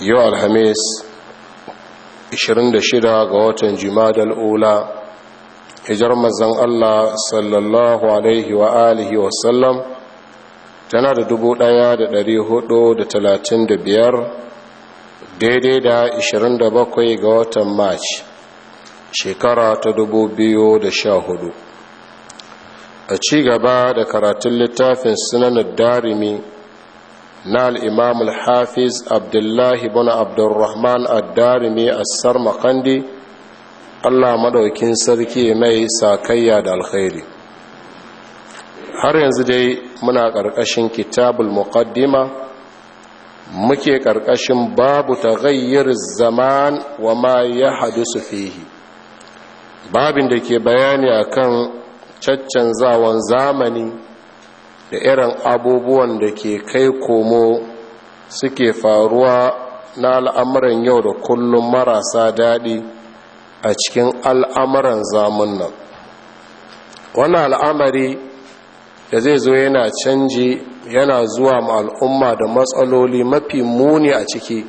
yau alhamis 26 ga watan jimadal ula hijar mazan allah sallallahu alaihi wa alihi sallam tana da 1435 daidai da 27 ga watan march shekara ta dubu biyu da sha hudu. a ci gaba da karatun littafin sunanar darimi na al'imam al-hafiz abdullahi bin abdurrahman a assar makandi allah maɗaukin sarki mai sakayya da alkhairi har yanzu dai muna ƙarƙashin kitabul muqaddima muke ƙarƙashin babu taghayyir zaman wa ma ya hadisu fihi babin da ke bayani akan caccanzawan zamani da irin abubuwan da ke kai komo suke faruwa na al'amuran yau da kullum marasa daɗi a cikin al'amuran zamun nan wani al'amari da zai zo yana canji yana zuwa ma al'umma da matsaloli mafi muni a ciki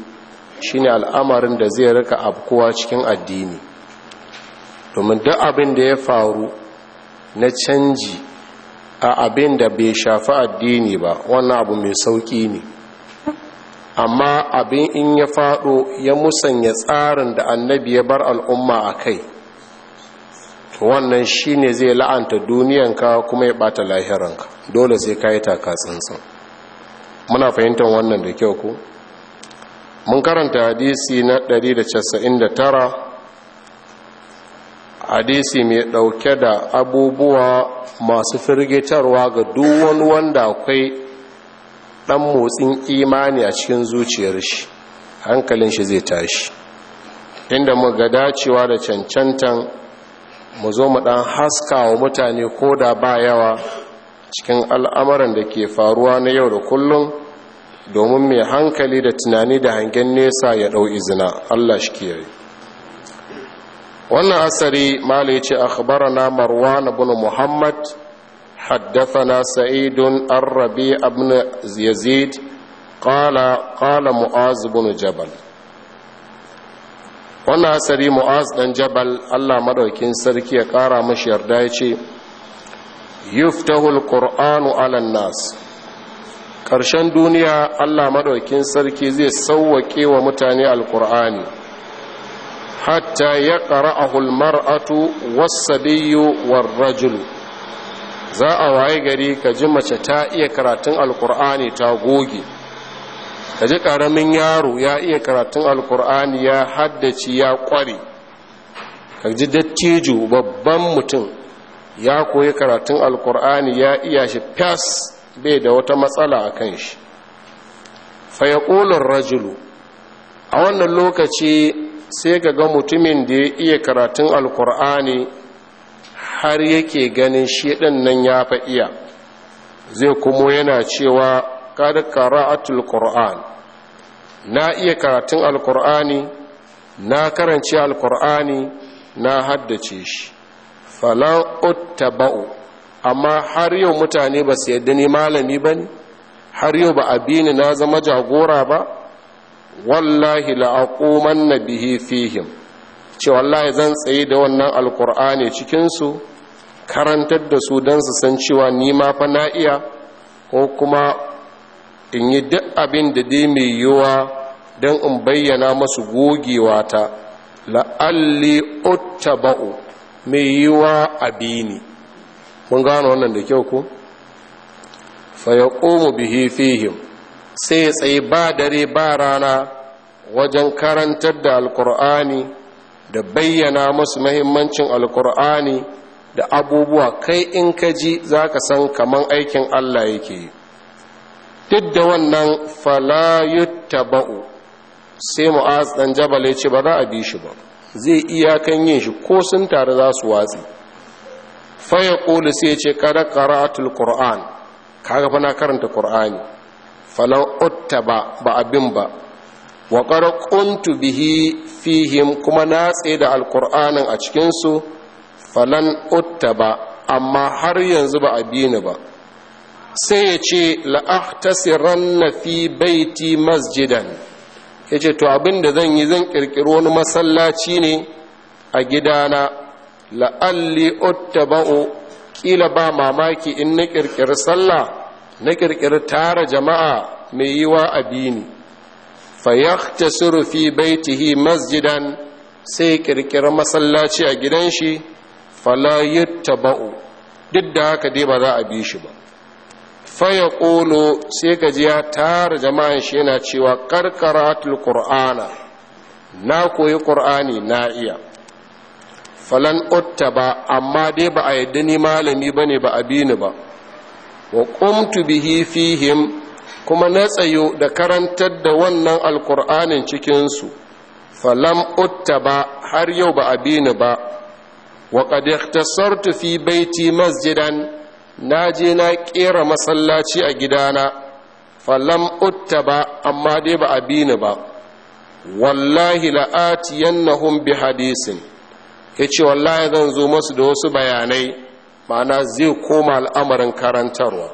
shine al'amarin da zai rika kowa cikin addini domin duk abin da ya faru na canji a abin da bai shafi addini ba wannan abu mai sauƙi ne amma abin in ya faɗo ya musanya tsarin da annabi ya bar al'umma a kai wannan shi ne zai la'anta duniyanka kuma ya ɓata lahiranka dole sai ka yi taka tsantsan muna fahimtar wannan da kyau ku mun karanta hadisi na 199 hadisi mai dauke da abubuwa masu firgitarwa ga duwan wanda akwai dan motsin imani a cikin zuciyar shi hankalin shi zai tashi inda mu ga dacewa da cancantan mu zo mu dan haska wa mutane ko da ba yawa cikin al'amuran da ke faruwa na yau da kullum domin mai hankali da tunani da hangen nesa ya dau izina allah shi kiyaye wannan asari mala ya ce akhbarana marwan ibn muhammad haddasa na الربيع بن يزيد قال Qala, معاذ بن Jabal. wannan asari mu'az dan jabal allah madaukin sarki ya kara mashi yarda ya ce yuftahul qur'anu alan nas ƙarshen duniya allah madaukin sarki zai sauwaƙe wa mutane alƙur'ani hatta ya المرأة mar'atu والرجل za a waye gari ka ji mace ta iya karatun alkur'ani ta goge ka ji ƙaramin yaro ya iya karatun alkur'ani ya haddaci ya ƙware ka ji dattijo babban mutum ya koyi karatun alkur'ani ya iya shi fas bai da wata matsala a kan shi fayakolin rajulu a wannan lokaci sai ka ga mutumin da ya iya karatun alkur'ani har yake ganin shi nan ya fa iya zai kuma yana cewa kada qara'atul qur'an na iya karatun alkur'ani na karanci alkur'ani na haddace shi falan uttaba'u amma har yau mutane ba su yadda ni malami ba ne har yau ba abini na zama jagora ba wallahi la'aquman na bihi fihim ce wallahi zan tsaye da wannan alkur'ani cikinsu karantar da su don su san cewa ni ma fa na iya ko kuma in yi duk abin da dai mai yiwa don in bayyana masu gogewa ta la'alli uttaba'u mai yiwa abini mun gano wannan da kyau ko fa yaqumu bihi fihim sai ya tsaye ba dare ba rana wajen karantar da alkur'ani da bayyana masu mahimmancin alkur'ani da abubuwa kai in ka ji za ka san kaman aikin allah yake yi duk da wannan falayutta ba'u sai mu'az dan jabal ya ce ba za a bi shi ba zai iyakan yin shi ko sun tare za su watsi faya ƙoli sai ce kada ƙara'atul ƙur'an kaga fa karanta ƙar'ani falan otta ba ba abin ba wa kuntu bihi fihim kuma na da alkur'anin a cikinsu falan otta ba amma har yanzu ba a bi ni ba sai ya ce na fi baiti masjidan ya ce to abin da zan yi zan ƙirƙiri wani masallaci ne a gidana la'alli uttaba'u ƙila ba mamaki in na ƙirƙiri sallah na ƙirƙiri tara jama'a mai yiwa abini surufi, surufi baitihi masjidan sai ƙirƙiri masallaci a gidan shi taba’u, duk da haka dai ba za a bi shi ba faya ƙolo sai ka ya tara jama'an shi yana cewa karkaratul qur'ana na koyi ƙur'ani na iya falan otta ba amma dai ba a yadda ni malami ba ne ba a bi ba wa qumtu bihi fihim kuma na tsayo da karantar da wannan alkur'anin cikinsu falam utta ba har yau ba a bini ba wa qad fi baiti masjidan na je na kera masallaci a gidana falam utta ba amma dai ba a bini ba wallahi la'atiyannahum bi hadisin ce wallahi zan zo masu da wasu bayanai ma'ana zai koma al'amarin karantarwa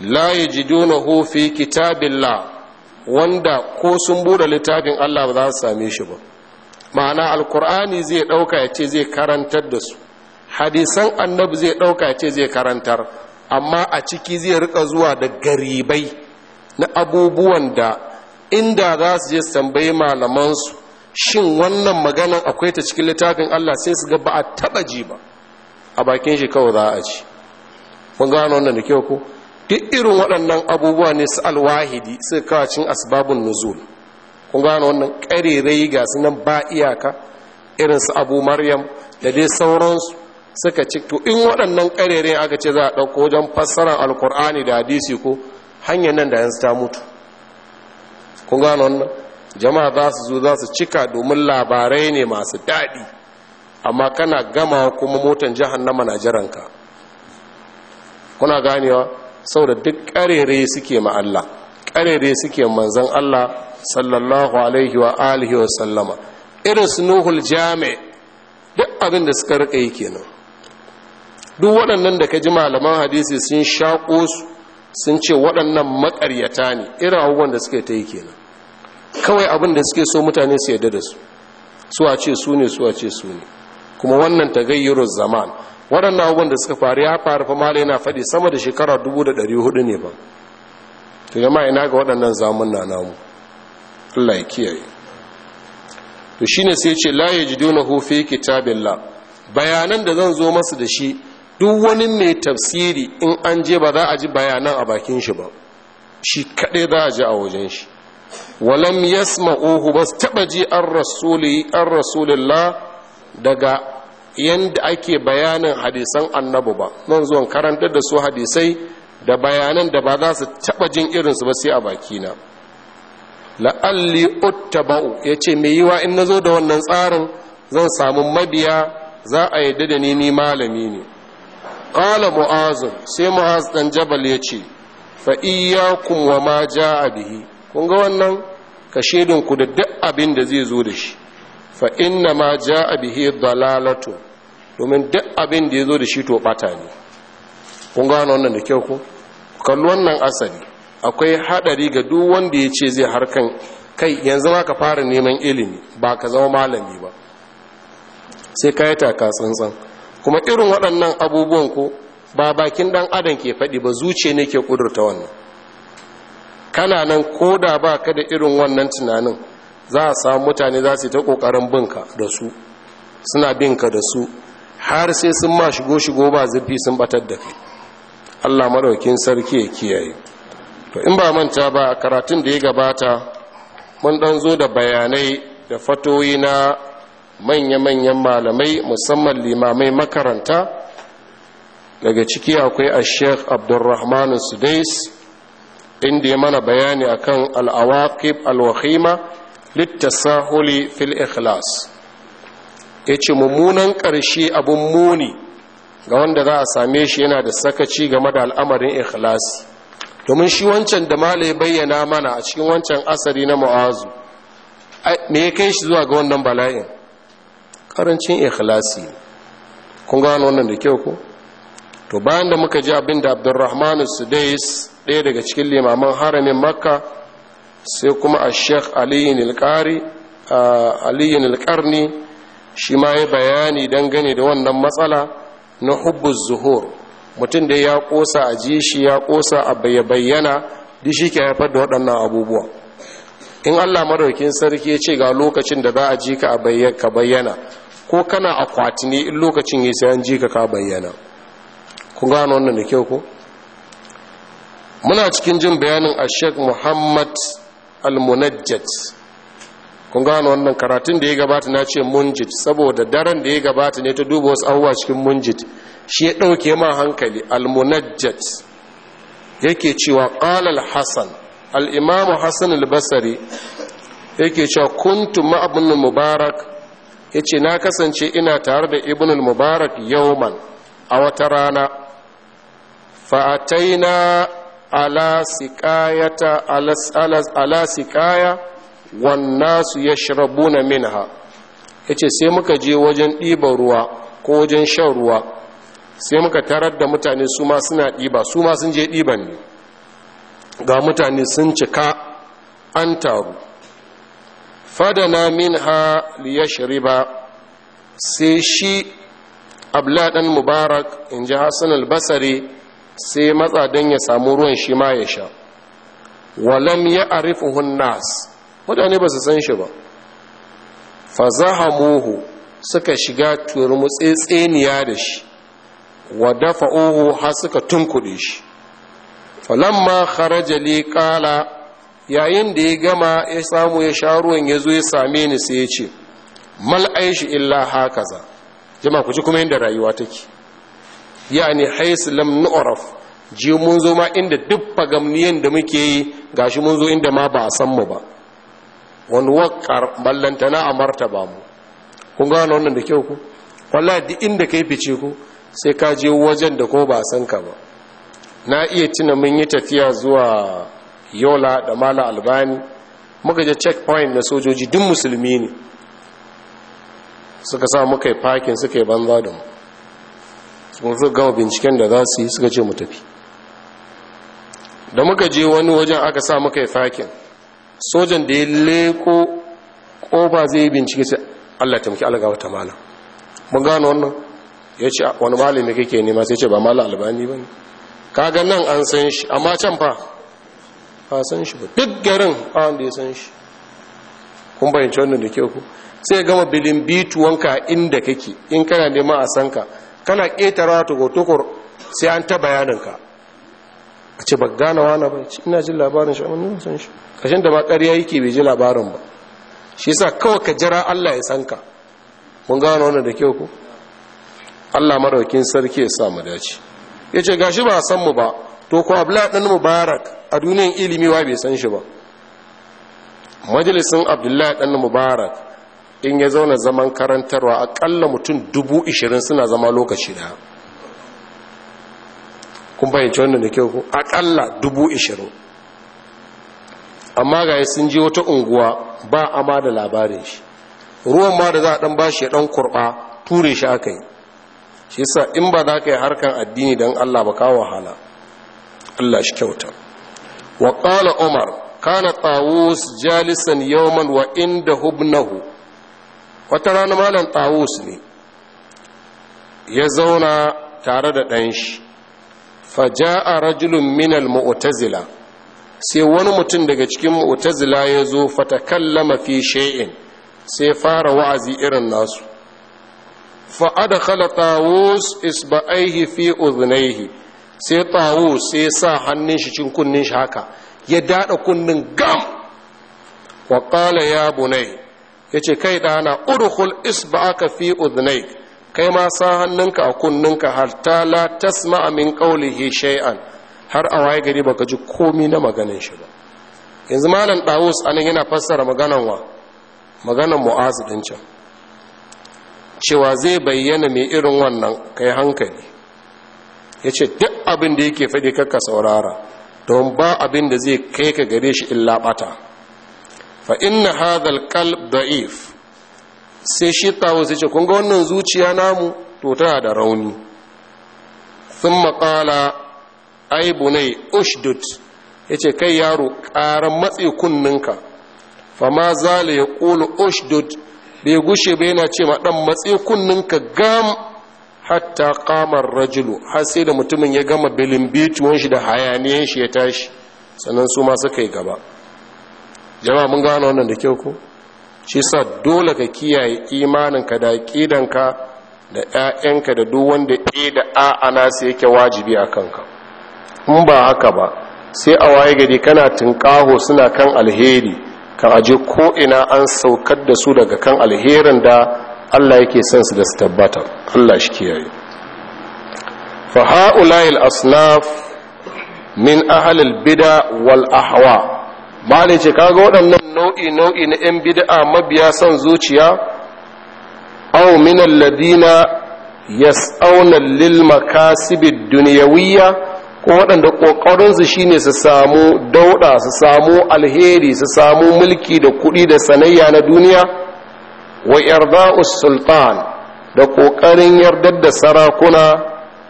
la yajidunahu fi kitabillah wanda ko sun bude littafin Allah ba za su same shi ba ma'ana alkur'ani zai dauka ya ce zai karantar da su hadisan annabi zai ɗauka ya ce zai karantar amma a ciki zai rika zuwa da garibai na abubuwan da inda za su je sambai tambayi malamansu shin wannan maganan akwai ta cikin littafin Allah sai su ga ba a taba ji ba a bakin shi kawai za a ci mun gano wannan da kyau ko duk irin waɗannan abubuwa ne su alwahidi suka kawo cin asbabun nuzul kun gano wannan ƙarerai ga su nan ba iyaka irin su abu maryam da dai sauransu suka ci to in waɗannan ƙarerai aka ce za a ɗauko wajen fassarar alkur'ani da hadisi ko hanyar nan da yanzu ta mutu kun gano wannan jama'a za su zo za su cika domin labarai ne masu daɗi amma kana gama kuma motan jahannama na jiranka kuna ganewa sau da duk karere suke ma Allah karere suke manzan Allah sallallahu alaihi wa alihi wa sallama irin sunuhul jami duk abin da suka rika yi kenan duk waɗannan da ka ji malaman hadisi sun shaƙo su sun ce waɗannan maƙaryata ne irin abubuwan da suke ta yi kenan kawai abin da suke so mutane su yadda da su su a ce su ne su a ce su ne kuma wannan ta tagayyurun zaman waɗannan abubuwan da suka faru ya faru fa mala yana faɗi sama da shekara 1400 ne ba to jama'a ina ga waɗannan zamun na namu Allah ya kiyaye to shine sai ce la yajidunahu fi kitabillah bayanan da zan zo masu da shi duk wani mai tafsiri in an je ba za a ji bayanan a bakin shi ba shi kaɗai za a ji a wajen shi walam yasma'uhu bas taba ji an rasuli an rasulillah daga yadda ake bayanin hadisan annabu ba nan zuwan karantar da su hadisai da bayanan da ba za su taɓa jin irinsu ba sai a bakina la'alli uttaba'u ya ce mai yiwa in na zo da wannan tsarin zan samu mabiya za a yadda da ni ni malami ne ƙala mu'azin sai mu'az ɗan jabal ya ce fa ya kuma ma ja a bihi kun ga wannan ka shaidinku da duk abin da zai zo da shi fa inna ma ja'a bihi dalalatu domin duk abin da zo da shi to bata ne kun gano wannan da kyau ko kallo wannan asali akwai haɗari ga duk wanda ya ce zai harkan kai yanzu ma ka fara neman ilimi ba ka zama malami ba sai ka yi taka tsantsan kuma irin waɗannan abubuwan ko ba bakin ɗan adam ke faɗi ba zuce ne ke ƙudurta wannan kana nan ko da ba ka da irin wannan tunanin za a samu mutane za su ta kokarin ka da su suna binka da su har sai sun ma shigo shigo ba zurfi sun batar da kai Allah madaukin sarki ya kiyaye to in ba manta ba a karatun da ya gabata mun dan zo da bayanai da fatoyi na manya-manyan malamai musamman limamai makaranta daga ciki akwai a sheikh abdurrahman sudais inda ya mana bayani akan al'awakib al-wahima littasahuli fil ikhlas ya ce mummunan ƙarshe abun muni ga wanda za a same shi yana da sakaci game da al'amarin ikhlas domin shi wancan da malai bayyana mana a cikin wancan asari na mu'azu me ya kai shi zuwa ga wannan bala'in ƙarancin ikhlasi kun gano wannan da kyau ko to bayan da muka ji abin da abdurrahman sudais ɗaya daga cikin limaman haramin makka sai kuma a sheikh aliyu nilkarni shi ma ya bayani dangane da wannan matsala na hubbus zuhur mutum da ya kosa a ji shi ya kosa a bayyana duk shi ke haifar da waɗannan abubuwa in allah maraukin sarki ya ce ga lokacin da za a ji ka a bayyana ko kana akwati ne in lokacin ya sayan ji ka ka bayyana ku gano wannan da kyau ko muna cikin jin bayanin ashek muhammad al kun gano wannan karatun da ya gabata na ce munjit saboda daren da ya gabata ne ta duba wasu abubuwa cikin munjit shi ya ɗauke ma hankali al yake cewa ƙalal hassan al-imamu hassan al yake cewa kuntu ma'abin mubarak ya ce na kasance ina tare da ibn mubarak yauman a wata rana na. ala sikayata ala sikaya wannasu ya shirabu na minha ya ce sai muka je wajen ɗiba ruwa ko wajen shan ruwa sai muka tarar da mutane su ma suna ɗiba su ma sun je ɗiban ne ga mutane sun cika an taru fadana minha liya shiriba sai shi abladan mubarak in ji hassan albasari sai matsa don ya samu ruwan shi ma ya sha walam ya arifuhun nas mutane ba su san shi ba fazahamuhu suka shiga turmutsetseniya da shi wa oho har suka tun tunkuɗe shi falamma kharaja li kala yayin da ya gama ya samu ya sha ruwan ya zo ya same ni sai ya ce mal aishi illa za. jama ku ji kuma da rayuwa take yani haisu lam nu'raf ji mun zo ma inda duk fagamniyan da muke yi gashi mun zo inda ma ba a san mu ba wani wakar na a ba mu kun gano wannan da kyau ku wallahi duk inda kai fice ku sai ka je wajen da ko ba a san ka ba na iya tuna mun yi tafiya zuwa yola da mala albani muka je checkpoint na sojoji duk musulmi ne suka sa muka yi parking suka yi banza da mu kuma suka gama binciken da za su yi suka ce mu tafi da muka je wani wajen aka sa muka yi fakin sojan da ya leko ba zai yi bincike sai allah ta muke algawa ta mala mun gano wannan ya ce wani malami kake nema sai ce ba malam albani ba ne kaga nan an san shi amma can fa ba san shi ba duk garin ba wanda ya san shi kun bayanci wannan da kyau ku sai gama bilin bituwanka inda kake in kana nema a san ka kana ƙetara tukur sai an ta bayaninka a ce ba gane wani ba ina jin labarin shi amma san shi kashin da ma ƙarya yake bai ji labarin ba shi sa kawai ka jira Allah ya san ka mun gane wani da kyau ku Allah maraukin sarki ya sa mu dace ya ce gashi ba san mu ba to ko abla dan mubarak a duniyan ilimi wa bai san shi ba majalisin abdullahi dan mubarak in ya zauna zaman karantarwa akalla mutum dubu ishirin suna zama lokaci daya kun fahimci wannan da kyau akalla dubu ishirin amma ga sun je wata unguwa ba ama da labarin shi ruwan ma da za a dan bashi ya ɗan kurba ture shi aka yi shi sa in ba za ka yi harkan addini don allah ba kawo wahala allah shi kyauta wa ƙala umar kana tawus jalisan yawman wa inda hubnahu wata rana malam tawus ne ya zauna tare da ɗan shi faja'a rajulun minal mu'tazila sai wani mutum daga cikin mu'tazila ya zo fatakallama fi she'in, sai fara wa'azi irin nasu kala tawus isba'aihi fi uzunaihi sai tawus sai sa hannun shi cin kunnin shi haka ya daɗa kunnin gam wa ƙala ya bunai ya ce kai ɗana urhul isba'aka fi udhnai kai ma sa hannunka a kunninka ta la tasma'a min qawlihi shay'an har a waye gari baka ji komi na maganin shi ba yanzu malam dawus anan yana fassara maganan wa maganan mu'az din can cewa zai bayyana mai irin wannan kai hankali yace duk abin da yake faɗi kakka saurara don ba abin da zai kai ka gare shi illa bata fa inna hadhal qalb da'if sai shi tawo sai ce kun ga wannan zuciya namu to tana da rauni thumma qala ay bunay ushdud yace kai yaro ƙaran matse kunninka fama zala ya ƙulu ushdud bai gushe ba yana ce ma dan matse kunninka gam hatta kamar rajulu har sai da mutumin ya gama bilin bituwan da hayaniyan shi ya tashi sannan su ma suka yi gaba jama mun gano wannan da kyau ko shi sa dole ka kiyaye imaninka da ƙidanka da 'ya'yanka da duk wanda e da a ana sai yake wajibi a kanka in ba haka ba sai a waye gari kana tunƙaho suna kan alheri ka aje ko ina an saukar da su daga kan alherin da Allah yake son su da su tabbata Allah shi kiyaye fa ha'ula'il asnaf min ahlil bid'a wal ahwa' Mali ce kaga waɗannan nau'i nau'i na 'yan bid'a mabiya son zuciya au min alladina yas'auna lil makasibid dunyawiyya ko waɗanda ƙoƙarinsu su shine su samu dauɗa, su samu alheri su samu mulki da kuɗi da sanayya na duniya wa yarda sultan da ƙoƙarin yardar da sarakuna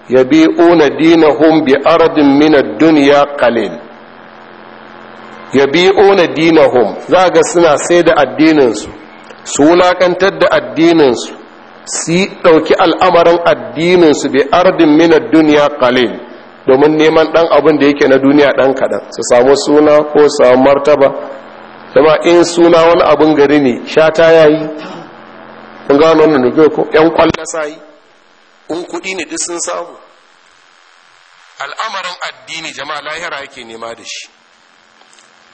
ya yabi'una dinahum bi ardin min ad-dunya qalil ya bi dina dinahum za ga suna sai da addininsu su wulakantar da addininsu su ɗauki al'amarin addininsu bi ardin minar duniya kalil domin neman ɗan abin da yake na duniya ɗan kaɗan su samu suna ko samu martaba zama in suna wani abin gari ne shata ya yi kun gano wannan nufi ko ƙwallo sa yi in kuɗi ne duk sun samu al'amarin addini jama'a lahira yake nema da shi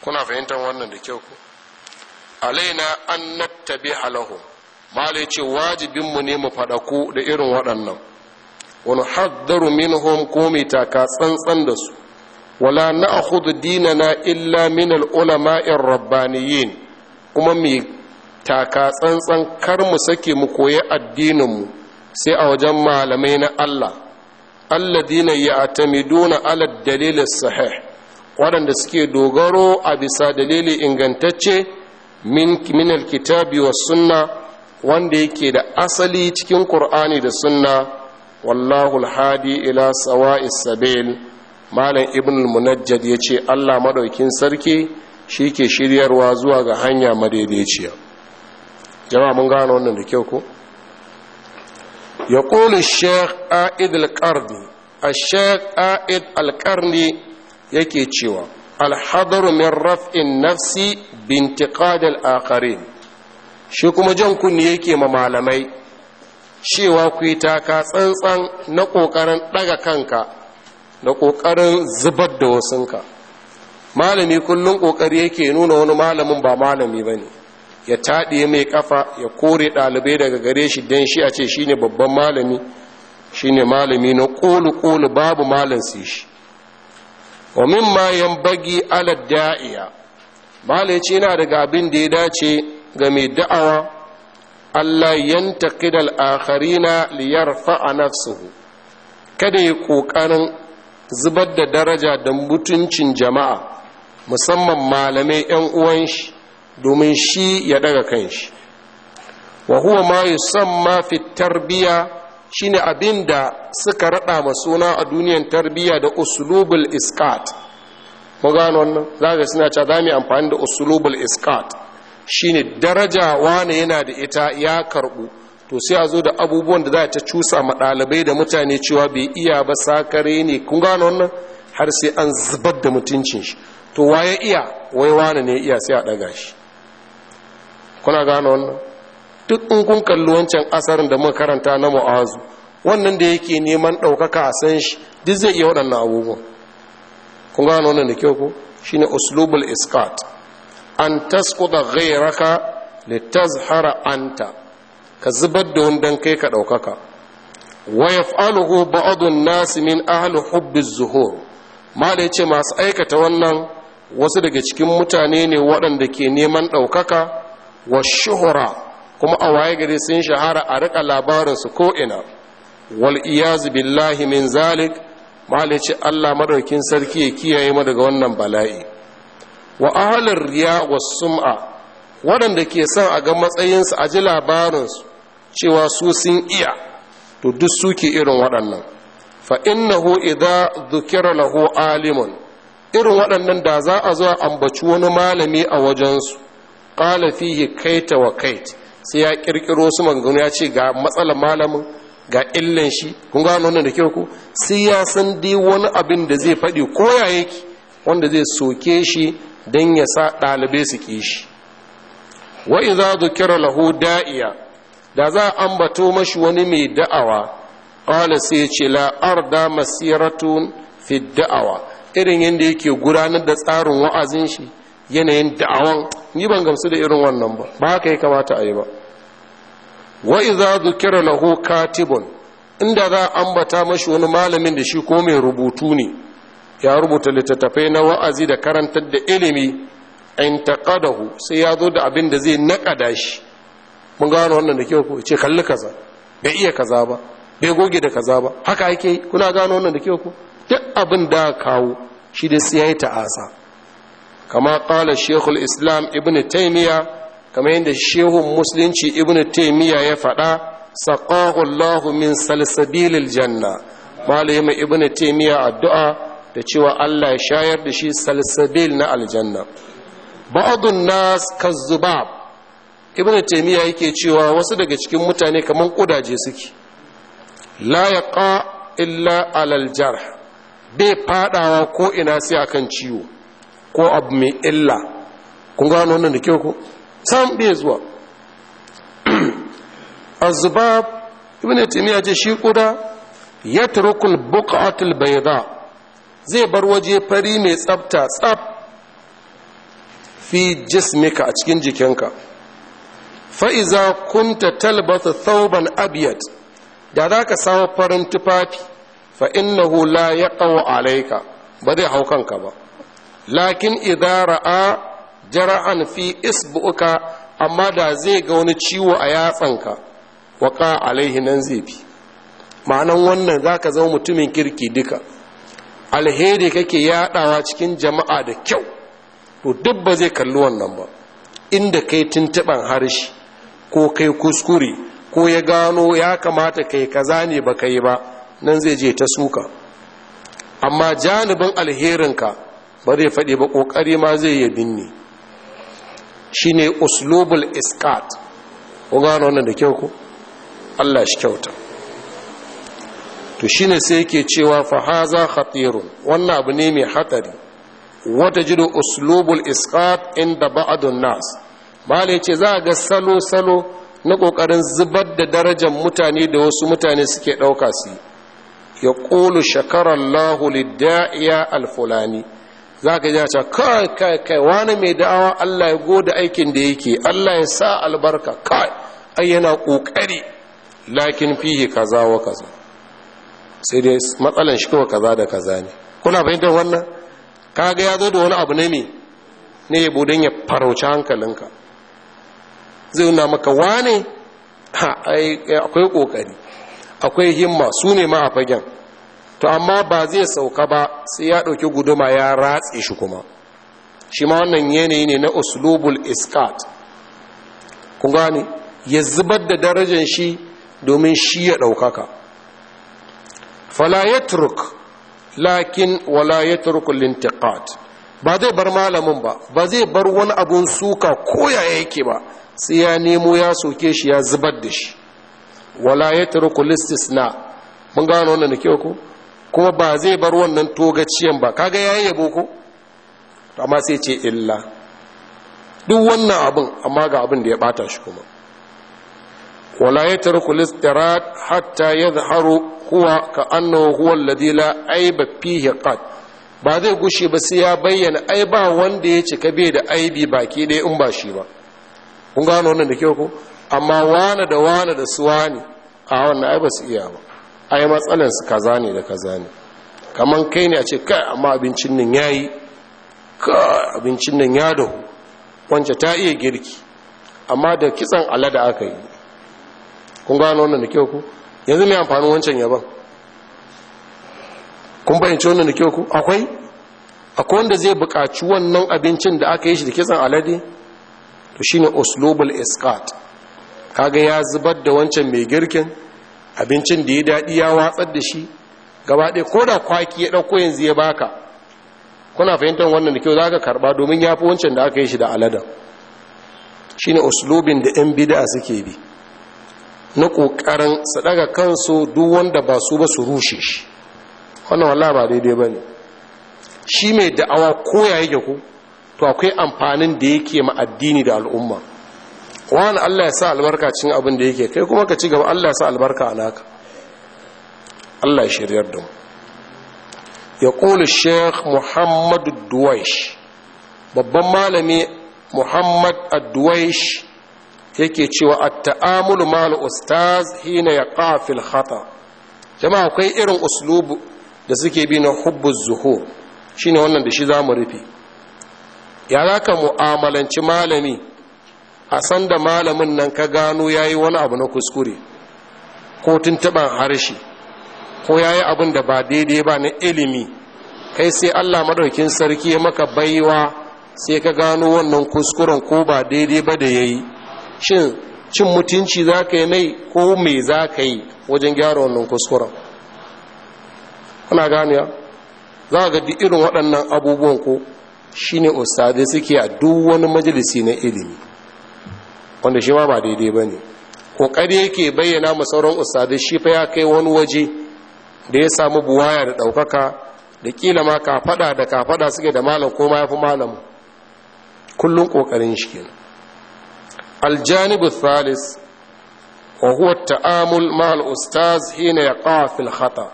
kuna fahimtar wannan da kyau ku alaina an nattabi halahu mala ce wajibinmu ne mu faɗaku da irin waɗannan wani haddaru minhum ko mai taka tsantsan da su wala na ahudu dinana illa min al'ulama'in rabbaniyin kuma mai taka tsantsan kar mu sake mu koyi addininmu sai a wajen malamai na allah alladina ya atamiduna ala dalilin sahih waɗanda suke dogaro a bisa dalili ingantacce min alkitabi wa sunna wanda yake da asali cikin ƙur'ani da sunna wallahu alhadi ila sawa'is sabil malam ibn al-munajjad yace Allah maɗaukin sarki shi ke shiryarwa zuwa ga hanya madaidaiciya jama'a mun gano wannan da kyau ko ya ƙoli shek a'id al a yake cewa alhadaru min raf'in nafsi al akharin shi kuma jan kunni yake ma malamai cewa ku yi taka tsantsan na ƙoƙarin ɗaga kanka na ƙoƙarin zubar da wasunka malami kullum ƙoƙari yake nuna wani malamin ba malami ba ne ya taɗe mai kafa ya kore ɗalibai daga gare shi don shi a ce shi babban malami shi malami na ƙolu-ƙolu babu malam shi wa mimma bagi ala da'iya malai ce yana daga abin da ya dace ga mai da'awa Allah yantaqid al-akharina liyarfa'a nafsuhu kada ya kokarin zubar da daraja da mutuncin jama'a musamman malamai yan uwan shi domin shi ya daga kanshi wa huwa ma yusamma fi tarbiya shine abin da suka raɗa ma suna a duniyan tarbiyya da uslubul iskat mu gano wannan za suna cewa za mu amfani da uslubul iskat shine daraja wane yana da ita ya karɓu to sai a zo da abubuwan da za ta cusa ma ɗalibai da mutane cewa bai iya ba sakare ne kun gano wannan har sai an zubar da mutuncin shi to waye iya wai wane ne iya sai a ɗaga shi kuna gano wannan duk in kun kalli wancan asarin da muka karanta na mu'azu wannan da yake neman ɗaukaka a san shi duk zai iya waɗannan abubuwan kun gano wannan da kyau ko shine uslubul iskat an tasquda ghayraka litazhara anta ka zubar da wani kai ka ɗaukaka wa yaf'aluhu ba'dun nas min ahli az zuhur ma da yace masu aikata wannan wasu daga cikin mutane ne waɗanda ke neman ɗaukaka wa shuhura kuma a waye gari sun shahara a rika labarinsu ko'ina wal iyazu billahi min zalik malice allah madaukin sarki ya kiyaye mu daga wannan bala'i wa ahalar riya wa sum'a waɗanda ke son a ga matsayinsu a ji labarinsu cewa su sun iya to duk suke irin waɗannan fa innahu idza dhukira lahu alimun irin waɗannan da za a zo ambaci wani malami a wajensu qala fihi kaita wa kaita sai ya kirkiro su maganganu ya ce ga matsalar malamin ga illan shi kun gano wannan da kyau ku sai ya san dai wani abin da zai faɗi koya ya yake wanda zai soke shi don ya sa ɗalibai su ke shi wa idza dhukira lahu da'iya da za a ambato mashi wani mai da'awa qala sai ce la arda masiratun fi da'awa irin yadda yake gudanar da tsarin wa'azin shi yanayin da'awan ni ban gamsu da irin wannan ba ba haka ya kamata a yi ba wa iza zukira lahu katibun inda za a ambata mashi wani malamin da shi ko mai rubutu ne ya rubuta littattafai na wa'azi da karantar da ilimi in taqadahu sai ya zo da abin da zai naƙada shi mun gano wannan da kyau ce kalli kaza bai iya kaza ba bai goge da kaza ba haka yake kuna gano wannan da kyau ko duk abin da kawo shi dai sai ta ta'asa kama ƙala shekul islam ibn taimiya kama yadda shehun musulunci ibn taimiya ya faɗa saƙahullahu min salsabilil janna malayin ibn taimiya addu'a da cewa allah ya shayar da shi salsabil na aljanna ba'adun nas kazzubab ibn taimiya yake cewa wasu daga cikin mutane kamar ƙudaje suke la yaqa illa alal bai fadawa ko ina sai akan ciwo ko abu mai illa kun gano wannan da kyau ko sam bi zuwa azbab ibn taymiya ce shi kuda yatrukul buqatul bayda zai bar waje fari mai tsafta tsaf fi jismika a cikin jikinka fa'iza kunta talbasa thawban abiyat da za ka samu farin tufafi fa innahu la ya alaika ba zai hau kanka ba lakin idara a jara'an fi isbuka amma da zai ga wani ciwo a yatsanka waka alaihi nan zai fi ma'anan wannan za ka zama mutumin kirki duka alheri kake yadawa cikin jama'a da kyau to duk ba zai kalli wannan ba inda kai tuntuban harshe ko kai kuskure ko ya gano ya kamata kai kaza ne ba kai ba nan zai je ta suka amma janibin alherinka ba zai faɗi ba ƙoƙari ma zai yi binne shi ne uslubul iskat ko gano wannan da kyau ku allah shi kyauta to shi ne sai ke cewa fahaza khatirun wannan abu ne mai hatsari wata jido uslubul iskat inda ba'adun nas ba ce za a ga salo-salo na ƙoƙarin zubar da darajar mutane da wasu mutane suke ɗauka su ya ƙolu shakarar lahulid da'iya alfulani za ka ji ce kai kai kai wani mai da'awa Allah ya goda aikin da yake Allah ya sa albarka kai ai yana kokari lakin fihi kaza wa kaza sai dai matsalan shi kawai kaza da kaza ne kuna fahimtar wannan kaga ya zo da wani abu ne ne ne ya budan ya farauci hankalinka zai nuna maka wani ha akwai kokari akwai himma su ne ma a fagen to amma ba zai sauka ba sai ya ɗauki guduma ya ratse shi kuma shi ma wannan yanayi ne na Oslobul iskat ku gane ya zubar da darajar shi domin shi ya ɗaukaka fala yatruk lakin wala yatruk ba zai bar malamin ba ba zai bar wani abun suka ko yake ba sai ya nemo ya soke shi ya zubar da shi wala na mun gano wannan da kyau ko kuma ba zai bar wannan togaciyan ba kaga yayi yabo ko amma sai ce illa duk wannan abin amma ga abin da ya bata shi kuma wala yatruku al hatta yadhharu huwa ka annahu huwa alladhi la aiba fihi qad ba zai gushe ba sai ya bayyana ai ba wanda ya cika bai da aibi baki ɗaya in ba shi ba kun gano wannan da kyau ko amma wani da wani da suwani a wannan ai ba su iya ba ai matsalar su kaza ne da kaza ne kaman kai ne a ce kai amma abincin nan yi, ka abincin nan ya dahu wance ta iya girki amma da kitsan alada aka yi kun gano wannan da kyau ku yanzu mai amfanin wancan yaban kun bayanci wannan da kyau ku akwai akwai wanda zai buƙaci wannan abincin da aka yi shi da kitsan alade to shine oslobal isqat kaga ya zubar da wancan mai girkin abincin da ya daɗi ya watsar da shi gaba ɗaya ko da kwaki ya ɗauko yanzu ya baka kuna fahimtar wannan da kyau za ka karɓa domin ya fi wancan da aka yi shi da aladan shi ne uslubin da 'yan bida suke bi na ƙoƙarin su ɗaga kansu duk wanda ba su ba su rushe shi wannan wallah ba daidai ba ne shi mai da'awa koya yake ku to akwai amfanin da yake ma addini da al'umma wani Allah ya sa albarka cin abin da yake kai kuma ka ci gaba Allah ya sa albarka a Allah ya shiryar da mu ya ƙoli sheikh Muhammadu duwaish babban malami muhammad duwaish yake cewa a ta'amulu mal ustaz hina ya ƙafil hata jama'a akwai irin uslubu da suke bi na hubbu shi shine wannan da shi za mu rufe ya za ka mu'amalanci malami a san da malamin nan ka gano ya yi wani abu na kuskure ko tuntuɓar harshe ko ya yi abin da ba daidai ba na ilimi kai sai allah maɗaukin sarki ya maka baiwa sai ka gano wannan kuskuren ko ba daidai ba da ya yi shin cin mutunci za ka yi mai ko me za ka yi wajen gyara wannan kuskuren kuna ganiya za ga duk irin waɗannan abubuwan ko shine ustadai suke a duk wani majalisi na ilimi wanda shi ma ba daidai ba ne ƙoƙari yake bayyana ma sauran ustadai shi fa ya kai wani waje da ya samu buwaya da ɗaukaka da ƙila ma ka kafaɗa da ka kafaɗa suke da malam ko ma ya fi malam kullum ƙoƙarin shi ke. aljanibu thalis wa huwa ta'amul ma'al ustaz hina ya ƙawa fil khata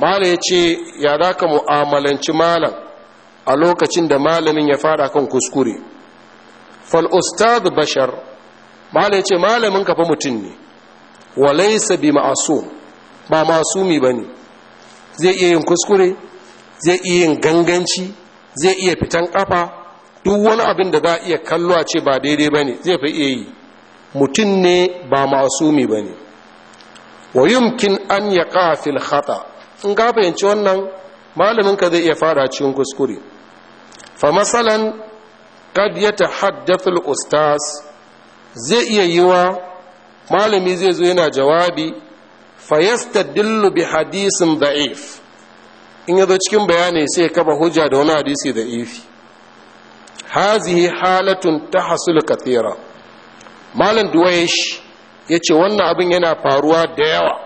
malam ya ce ya za mu'amalanci malam a lokacin da malamin ya fada kan kuskure fal ustaz bashar bala ya ce malamin ka fa mutum ne ma'asu ba masu mi ba ne, zai iya yin kuskure zai iya yin ganganci zai iya fitan kafa duk wani abin da za a iya kallo a ce ba daidai ba ne zai fa iya yi mutum ne ba ba ne wa yumkin an ya kafin hata in ka fahimci wannan malamin ka zai iya fara cikin kuskure fa masalan kad ta al ustaz zai iya yiwa malami zai zo yana jawabi dillu bi hadisin da'if in ya zo cikin bayani sai ya kafa hujja da wani hadisi da ifi hazihi halatun ta hasulu kathira malam duwayesh ya ce wannan abin yana faruwa da yawa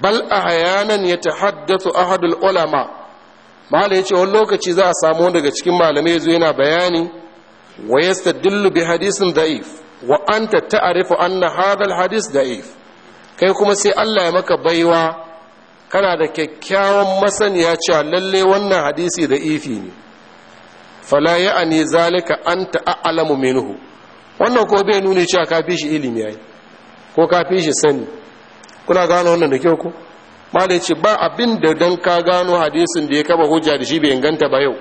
bal a hayanan ya haddasa ahadul ulama malam ya ce wani lokaci za a samu daga cikin malamai ya yana bayani wa yastadillu bi hadisin da'if wa anta ta'rifu anna hadha alhadith da'if kai kuma sai Allah ya maka baiwa kana da kyakkyawan masaniya cewa lalle wannan hadisi da ifi ne fala ya'ani zalika anta a'lamu minhu wannan ko bai nuni cewa ka fi shi ilimi yayi ko ka fi sani kuna gano wannan da kyau ko malai ce ba abin da dan ka gano hadisin da ya kaba hujja da shi bai inganta ba yau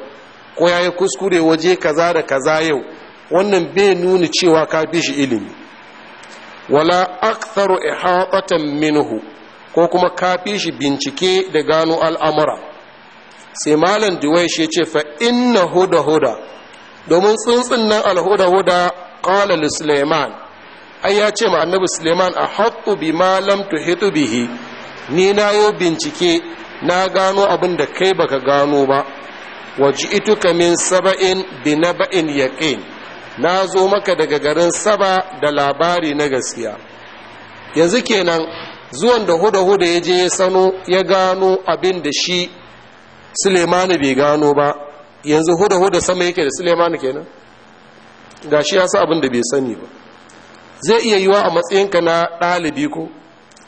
ko yayi kuskure waje kaza da kaza yau wannan bai nuna cewa ka bi shi ilimi wala aktharu ihatatan minhu ko kuma ka fi shi bincike da gano al'amura sai malam duwai ya ce fa inna huda huda domin tsuntsun nan alhuda huda qala li suleiman ai ya ce ma annabi suleiman a haqqu bima lam tuhitu bihi ni na yo bincike na gano abin da kai baka gano ba waji ituka min saba'in bi naba'in yaqin na zo maka daga garin saba da labari na gaskiya yanzu kenan zuwan da huda-huda ya je ya sano ya gano abin da shi sulemanu bai gano ba yanzu huda-huda sama yake da sulemanu kenan ga shi ya sa abin da bai sani ba zai iya yiwa a matsayinka na ɗalibi ko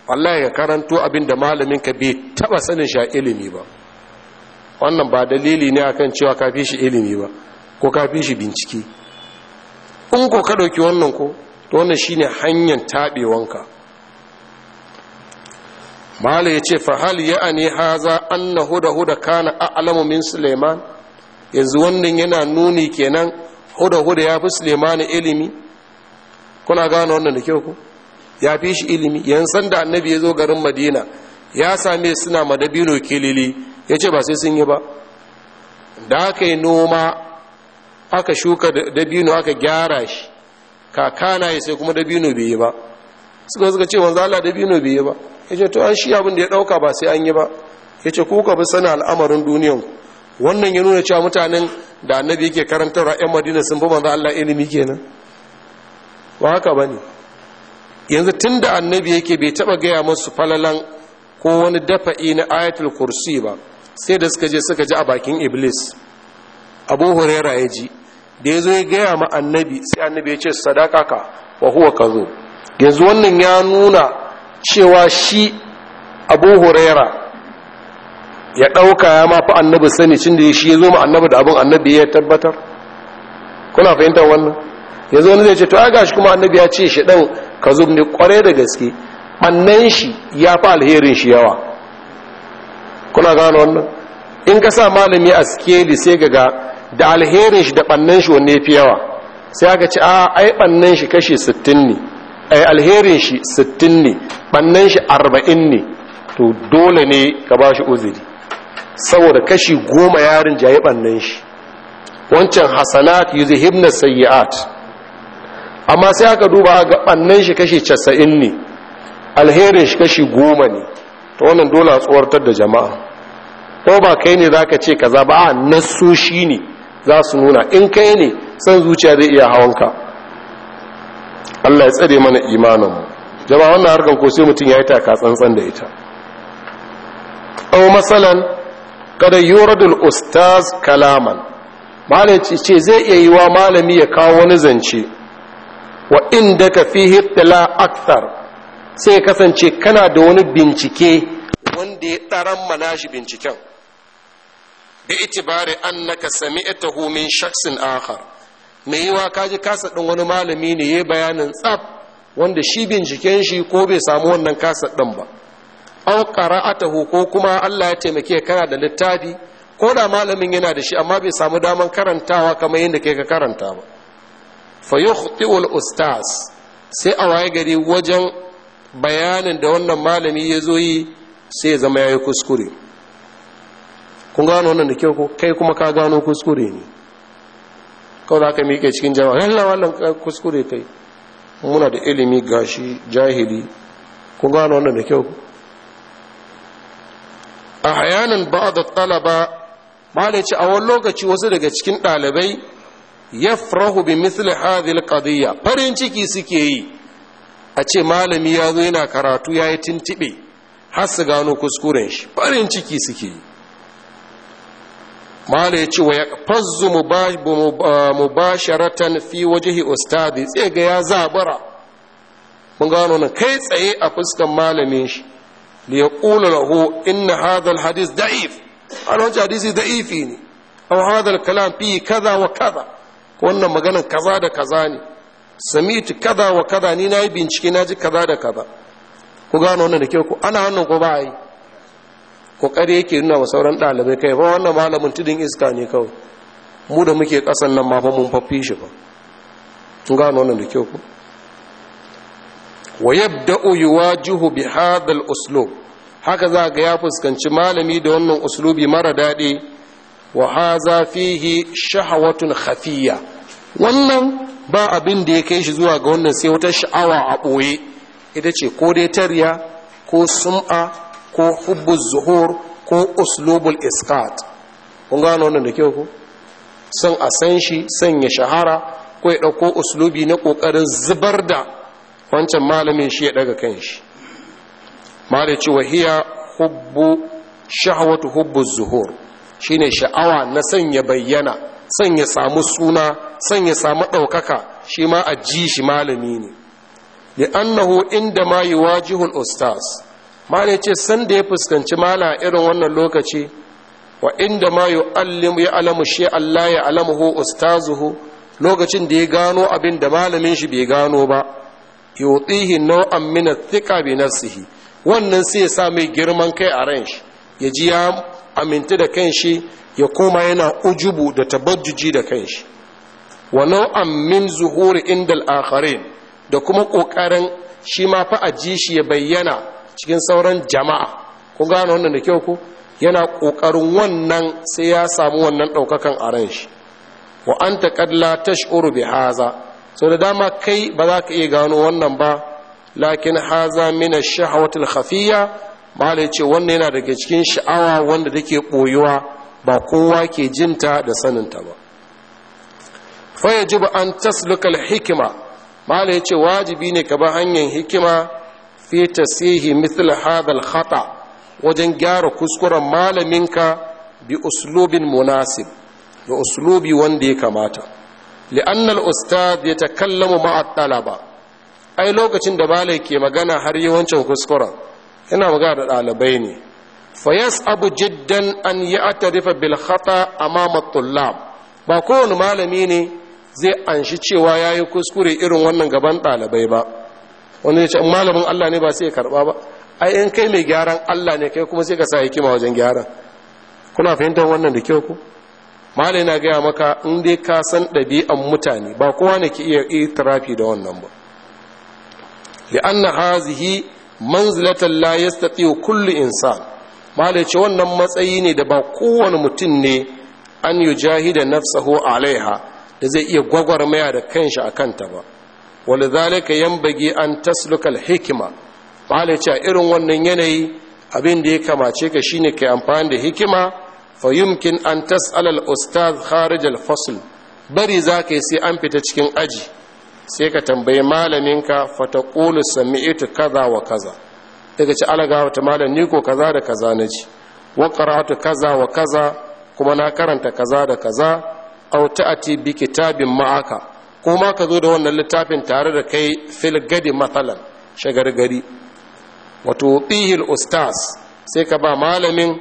wallahi ka karanto abin da malaminka bai taba sanin shi a ilimi ba wannan ba dalili ne akan cewa ka fi shi ilimi ba ko ka fi shi bincike in ko ka ɗauki wannan ko to wannan shine hanyar taɓewanka mala ya ce fahal ya ane haza na huda huda kana a'lamu min suleiman yanzu wannan yana nuni kenan huda huda ya fi suleiman ilimi kuna gane wannan da kyau ku ya fi shi ilimi yanzu san da annabi ya zo garin madina ya same suna madabino kelili ya ce ba sai sun yi ba da aka yi noma aka shuka dabino aka gyara shi kakana ya sai kuma dabino bai yi ba suka suka ce wanzu Allah dabino bai yi ba ya ce to an shi abin da ya ɗauka ba sai an yi ba ya ce kuka bi sana al'amarin duniyan wannan ya nuna cewa mutanen da annabi yake karantarwa 'yan madina sun bi manzo Allah ilimi kenan ba haka ba ne yanzu tun da annabi yake bai taba gaya masu falalan ko wani dafa'i na ayatul kursi ba sai da suka je suka ji a bakin iblis abu huraira ya ji da ya zo ya gaya ma annabi sai annabi ya ce sadaka ka wa huwa ka zo yanzu wannan ya nuna cewa shi abu huraira ya ɗauka ya mafi annabi sani cin da shi ya zo ma annabi da abin annabi ya tabbatar kuna fahimtar wannan yanzu wani zai ce to ya shi kuma annabi ya ce shi ɗan ka zo ne kwarai da gaske annan shi ya fi alherin shi yawa kuna gano wannan in ka sa malami a skeli sai ga da alherin shi da bannan shi wanne fi yawa sai aka ce a ai bannan shi kashi 60 ne ai alherin shi 60 ne bannan shi 40 ne to dole ne ka ba shi uzuri saboda kashi goma yarin jaye bannan shi wancan hasanat yuzhibna sayiat amma sai aka duba ga bannan shi kashi 90 ne alherin shi kashi goma ne ta wannan dole a tsuwartar da jama'a ko ba kai ne zaka ce kaza ba a nasoshi ne za su nuna in kai ne san zuciya zai iya hawan ka. Allah ya tsare mana imaninmu jama'a wannan harkar ko sai mutum ya yi taka tsantsan da ita au masalan kada yuradul ustaz kalaman malaci ce zai iya yi wa malami ya kawo wani zance wa inda ka fi hittala Aksar sai kasance kana da wani bincike wanda ya tsaran mana shi binciken bi itibari annaka sami'tahu min shakhsin akhar me yiwa kaji kasa din wani malami ne yayi bayanin tsaf wanda shi binciken shi ko bai samu wannan kasa din ba aw qara'atahu ko kuma Allah ya taimake kana da littafi ko da malamin yana da shi amma bai samu daman karantawa kamar yadda kai ka karanta ba fa al ustaz sai a waye gari wajen bayanin da wannan malami ya zo yi sai ya zama ya yi kuskure kun gano wannan da kyau ko kai kuma ka gano kuskure ne kawai za ka miƙe cikin jama'a yalla wannan kuskure kai muna da ilimi gashi jahili kun gano wannan da kyau ko a hayanan ba da talaba ba da ce a wani lokaci wasu daga cikin ɗalibai ya farahu bi misli hadhil qadiyya farin ciki suke yi a ce malami ya zo yana karatu ya yi tintiɓe har su gano kuskuren shi farin ciki suke yi mala ya ce wa ya fazzu mubasharatan fi wajihi ustadi sai ga ya zabara mun gano nan kai tsaye a fuskan malamin shi li yaqulu lahu inna hadha alhadith da'if an wancan hadisi da'ifi ne An hadha alkalam fi kaza wa kaza wannan maganan kaza da kaza ne samitu kaza wa kaza ni nayi bincike ji kaza da kaza ku gano wannan da kyau ku ana hannun ku ba yi kokari yake nuna wa sauran ɗalibai kai ba, wannan malamin tudun iska ne kawai mu da muke kasan nan ma fa mun fafi shi ba kun gano wannan da kyau ku wa yabda'u yuwajihu bi hadha al-uslub haka za ga ya fuskanci malami da wannan uslubi mara daɗi wa haza fihi shahwatun khafiya wannan ba abin da ya kai shi zuwa ga wannan sai wata sha'awa a ɓoye ita ce ko dai tarya ko sum'a ko hubbu zuhur ko uslubul iskat kun gano wannan da kyau ku son a san shi son ya shahara ko ya ɗauko uslubi na ƙoƙarin zubar da wancan malamin shi ya ɗaga kan shi malai ce wahiya hubbu shahawatu hubbu zuhur shine sha'awa na son ya bayyana son ya samu suna son ya samu ɗaukaka shi ma a ji shi malami ne li'annahu inda ma yuwajihul ustaz malai ce san da ya fuskanci mala irin wannan lokaci wa inda ma yu'allimu ya alamu shi Allah ya alamu hu ustazuhu lokacin da ya gano abin da malamin shi bai gano ba yutihi nau'an min athiqa bi nafsihi wannan sai ya sa mai girman kai a ran shi ya ji ya aminta da kan shi ya koma yana ujubu da tabajjuji da kan shi wa nau'an min zuhuri indal akharin da kuma kokarin shi ma fa shi ya bayyana cikin sauran jama'a kun gane wannan da kyau ku yana ƙoƙarin wannan sai ya samu wannan ɗaukakan a ran shi wa an la tash'uru bi haza so da dama kai ba za ka iya gano wannan ba lakin haza mina shahawatul khafiyya malai ce wannan yana daga cikin sha'awa wanda take ɓoyuwa ba kowa ke jinta da sanin ta ba fa yajibu an tasluka hikima mala ce wajibi ne ka ba hanyar hikima fi tasihi mithl hadha al-khata wajen gyara kuskuren malaminka bi uslubin munasib da uslubi wanda ya kamata li'anna al-ustad yatakallamu ma'a talaba ai lokacin da malai ke magana har yawancin kuskuren yana magana da ɗalibai ne fayas abu jiddan an yi atarifa bil khata amama tullab ba kowane malami ne zai anshi cewa ya yi kuskure irin wannan gaban ɗalibai ba wanda ya ce malamin Allah ne ba sai ya karba ba ai in kai mai gyaran Allah ne kai kuma sai ka sa hikima wajen gyaran kuna fahimtar wannan da kyau ku malai na gaya maka in dai ka san ɗabi'an mutane ba kowa ne ke iya itirafi da wannan ba li'anna hazihi manzilatan la yastati kullu insan malai ce wannan matsayi ne da ba kowane mutum ne an yujahida nafsahu alaiha da zai iya gwagwarmaya da kanshi a kanta ba wani zalika bagi an taslukal hikima malai ce a irin wannan yanayi abin da ya kamace ka shine kai amfani da hikima fa yumkin an tas'alal ustaz kharij fasl bari za ka yi sai an fita cikin aji sai ka tambayi malaminka fata ƙulu sami'itu kaza wa kaza daga ci alaga wata malam ko kaza da kaza na ji wa karatu kaza wa kaza kuma na karanta kaza da kaza au ta'ati bi kitabin ma'aka ko ma ka zo da wannan littafin tare da kai fil gadi matsalan shagar gari wato tihil ustaz sai ka ba malamin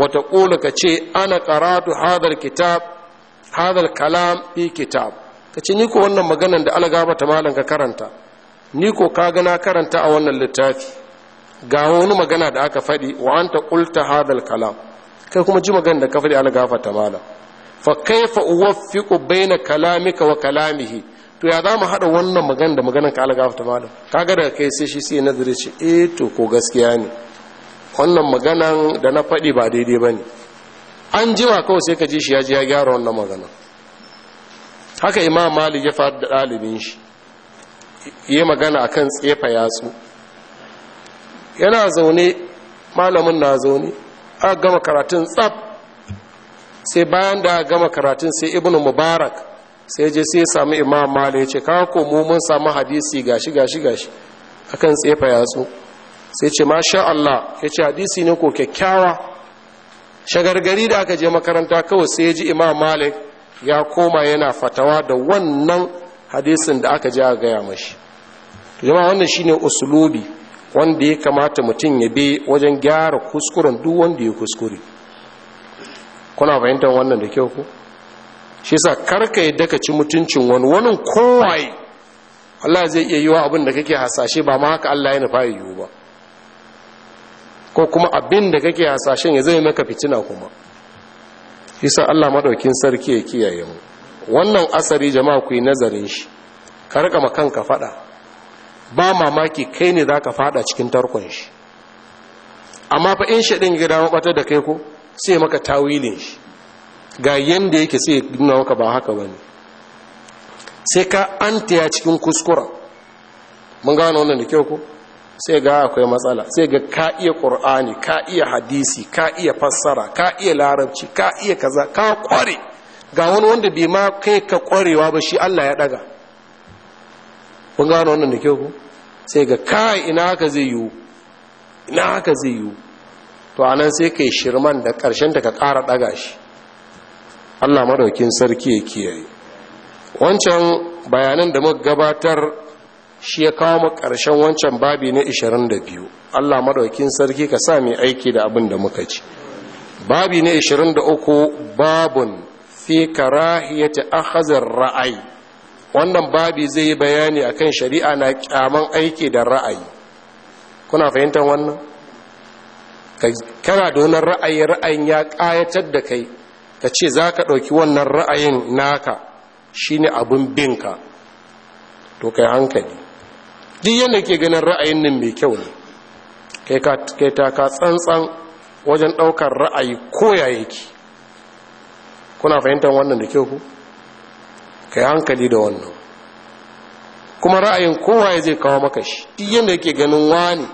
wata ƙula ka ce ana karatu hadar kitab hadar kalam fi kitab ka ce ni ko wannan maganan da algaba ta malam ka karanta ni ko ka gana karanta a wannan littafi ga wani magana da aka faɗi wa'anta anta qulta kalam kai kuma ji magana da ka faɗi algaba ta malam fa kaifa uwaffiqu baina kalamika wa kalamihi to ya za mu haɗa wannan magana da maganar ka algafa ta malam Ka kaga daga kai sai shi sai nazari shi eh to ko gaskiya ne wannan maganan da na faɗi ba daidai ba ne an jima kawai sai ka ji shi ya ji ya gyara wannan magana haka imam mali ya faɗi da ɗalibin shi yi magana akan tsefa yatsu yana zaune malamin na zaune a gama karatun tsaf sai bayan da gama karatun sai ibn mubarak sai je sai samu imam malik ya ce ka ko mu mun samu hadisi gashi gashi gashi akan tsefa yatsu sai ce masha Allah ya ce hadisi ne ko kyakkyawa shagargari da aka je makaranta kawai sai ya ji imam malik ya koma yana fatawa da wannan hadisin da aka ji a gaya mashi jama'a wannan shine usulubi wanda ya kamata mutum ya bi wajen gyara kuskuren duk wanda ya kuskure kuna fahimtar wannan da kyau ku shi sa karka yadda ka ci mutuncin wani wani kowaye Allah zai iya yi wa abin da kake hasashe ba ma haka Allah ya nufa yiwu ba ko kuma abin da kake hasashen ya zai maka fitina kuma shi sa Allah madaukin sarki ya kiyaye mu wannan asari jama'a ku yi nazarin shi ka rika ma kanka fada ba mamaki kai ne zaka fada cikin tarkon shi amma fa in shaɗin gida mabatar da kai ko sai maka tawilin shi ga yanda yake sai nuna maka ba haka bane sai ka antaya cikin kuskura mun gano wannan da kyau ko sai ga akwai matsala sai ga ka iya ƙur'ani ka iya hadisi ka iya fassara ka iya larabci ka iya kaza ka kware ga wani wanda bai ma kai ka kwarewa ba shi allah ya ɗaga mun gano wannan da kyau ku sai ga ka ina haka zai yiwu ina haka zai yiwu to anan sai ka yi shirman da ƙarshen ka ƙara ɗaga shi allah maɗaukin sarki ya kiyaye wancan bayanan da muka gabatar shi ya kawo mu ƙarshen wancan babi na 22 Allah maɗaukin sarki ka sa mai aiki da abin da muka ci babi na 23 babun fi karahiyati akhazir ra'ayi wannan babi zai yi bayani akan shari'a na kyaman aiki da ra'ayi kuna fahimtar wannan kana da wannan ra'ayi ra'ayin ya ƙayatar da kai ka ce za ka ɗauki wannan ra'ayin naka shine abin binka to kai hankali duk yadda ke ganin ra'ayin nan mai kyau ne kai ta ka tsantsan wajen ɗaukar ra'ayi koya ya yake kuna fahimtar wannan da kyau ku kai hankali da wannan kuma ra'ayin kowa ya zai kawo maka shi duk yadda ke ganin wani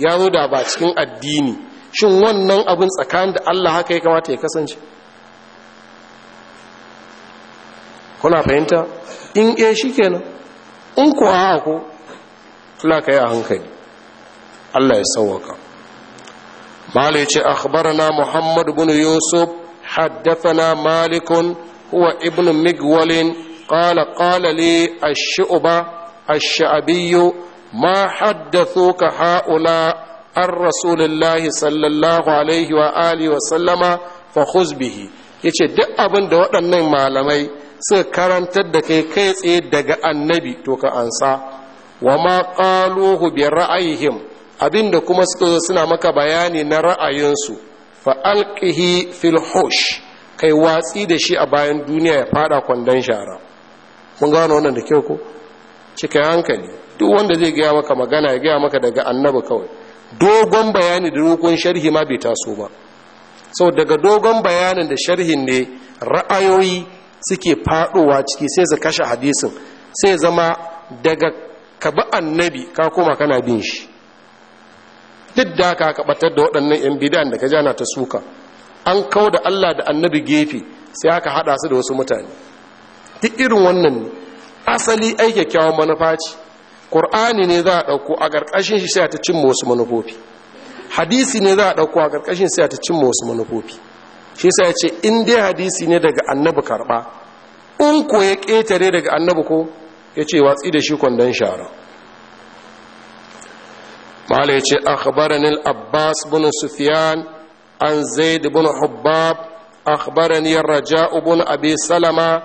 ya zo da ba cikin addini shin wannan abin tsakanin da Allah haka ya kamata ya kasance kuna fahimta in e shi kenan in kuwa haka ko tula ka yi a hankali Allah ya sauwaka mala ce akhbarana muhammad bin yusuf na malikun huwa ibn migwalin ƙala qala li a shi'uba a sha'abiyu ma ka ha'ula an rasulullahi sallallahu alaihi wa alihi wa sallama fa bihi yace duk abin da waɗannan malamai suka karantar da kai kai tsaye daga annabi to ka ansa wa ma qaluhu bi ra'ayihim abinda kuma suka zo suna maka bayani na ra'ayinsu fa alqihi fil hush kai watsi da shi a bayan duniya ya fada kwandon shara mun gano wannan da kyau ko cika hankali duk wanda zai gaya maka magana ya gaya maka daga annabi kawai dogon bayani da dogon sharhi ma bai taso ba sau daga dogon bayanin da sharhin ne ra'ayoyi suke faɗowa ciki sai za kashe hadisin sai zama daga kaba annabi ka koma kana bin shi duk da ka kabatar da waɗannan 'yan bidan da ka jana ta suka an kawo da allah da annabi gefe sai aka haɗa su da wasu mutane duk irin wannan ne asali aike kyawun manufa ce Kur'ani ne za a ɗauko a ƙarƙashin shi sai ta cin wasu manufofi hadisi ne za a ɗauko a ƙarƙashin sai ta cin wasu manufofi shi sai ce in dai hadisi ne daga annabi karɓa in ko ya ƙetare daga annabi ko ya ce watsi da shi kwandon shara mala ya ce akhbarani abbas bin Sufiyan, an zaid bin hubbab akhbarani raja'u bin abi salama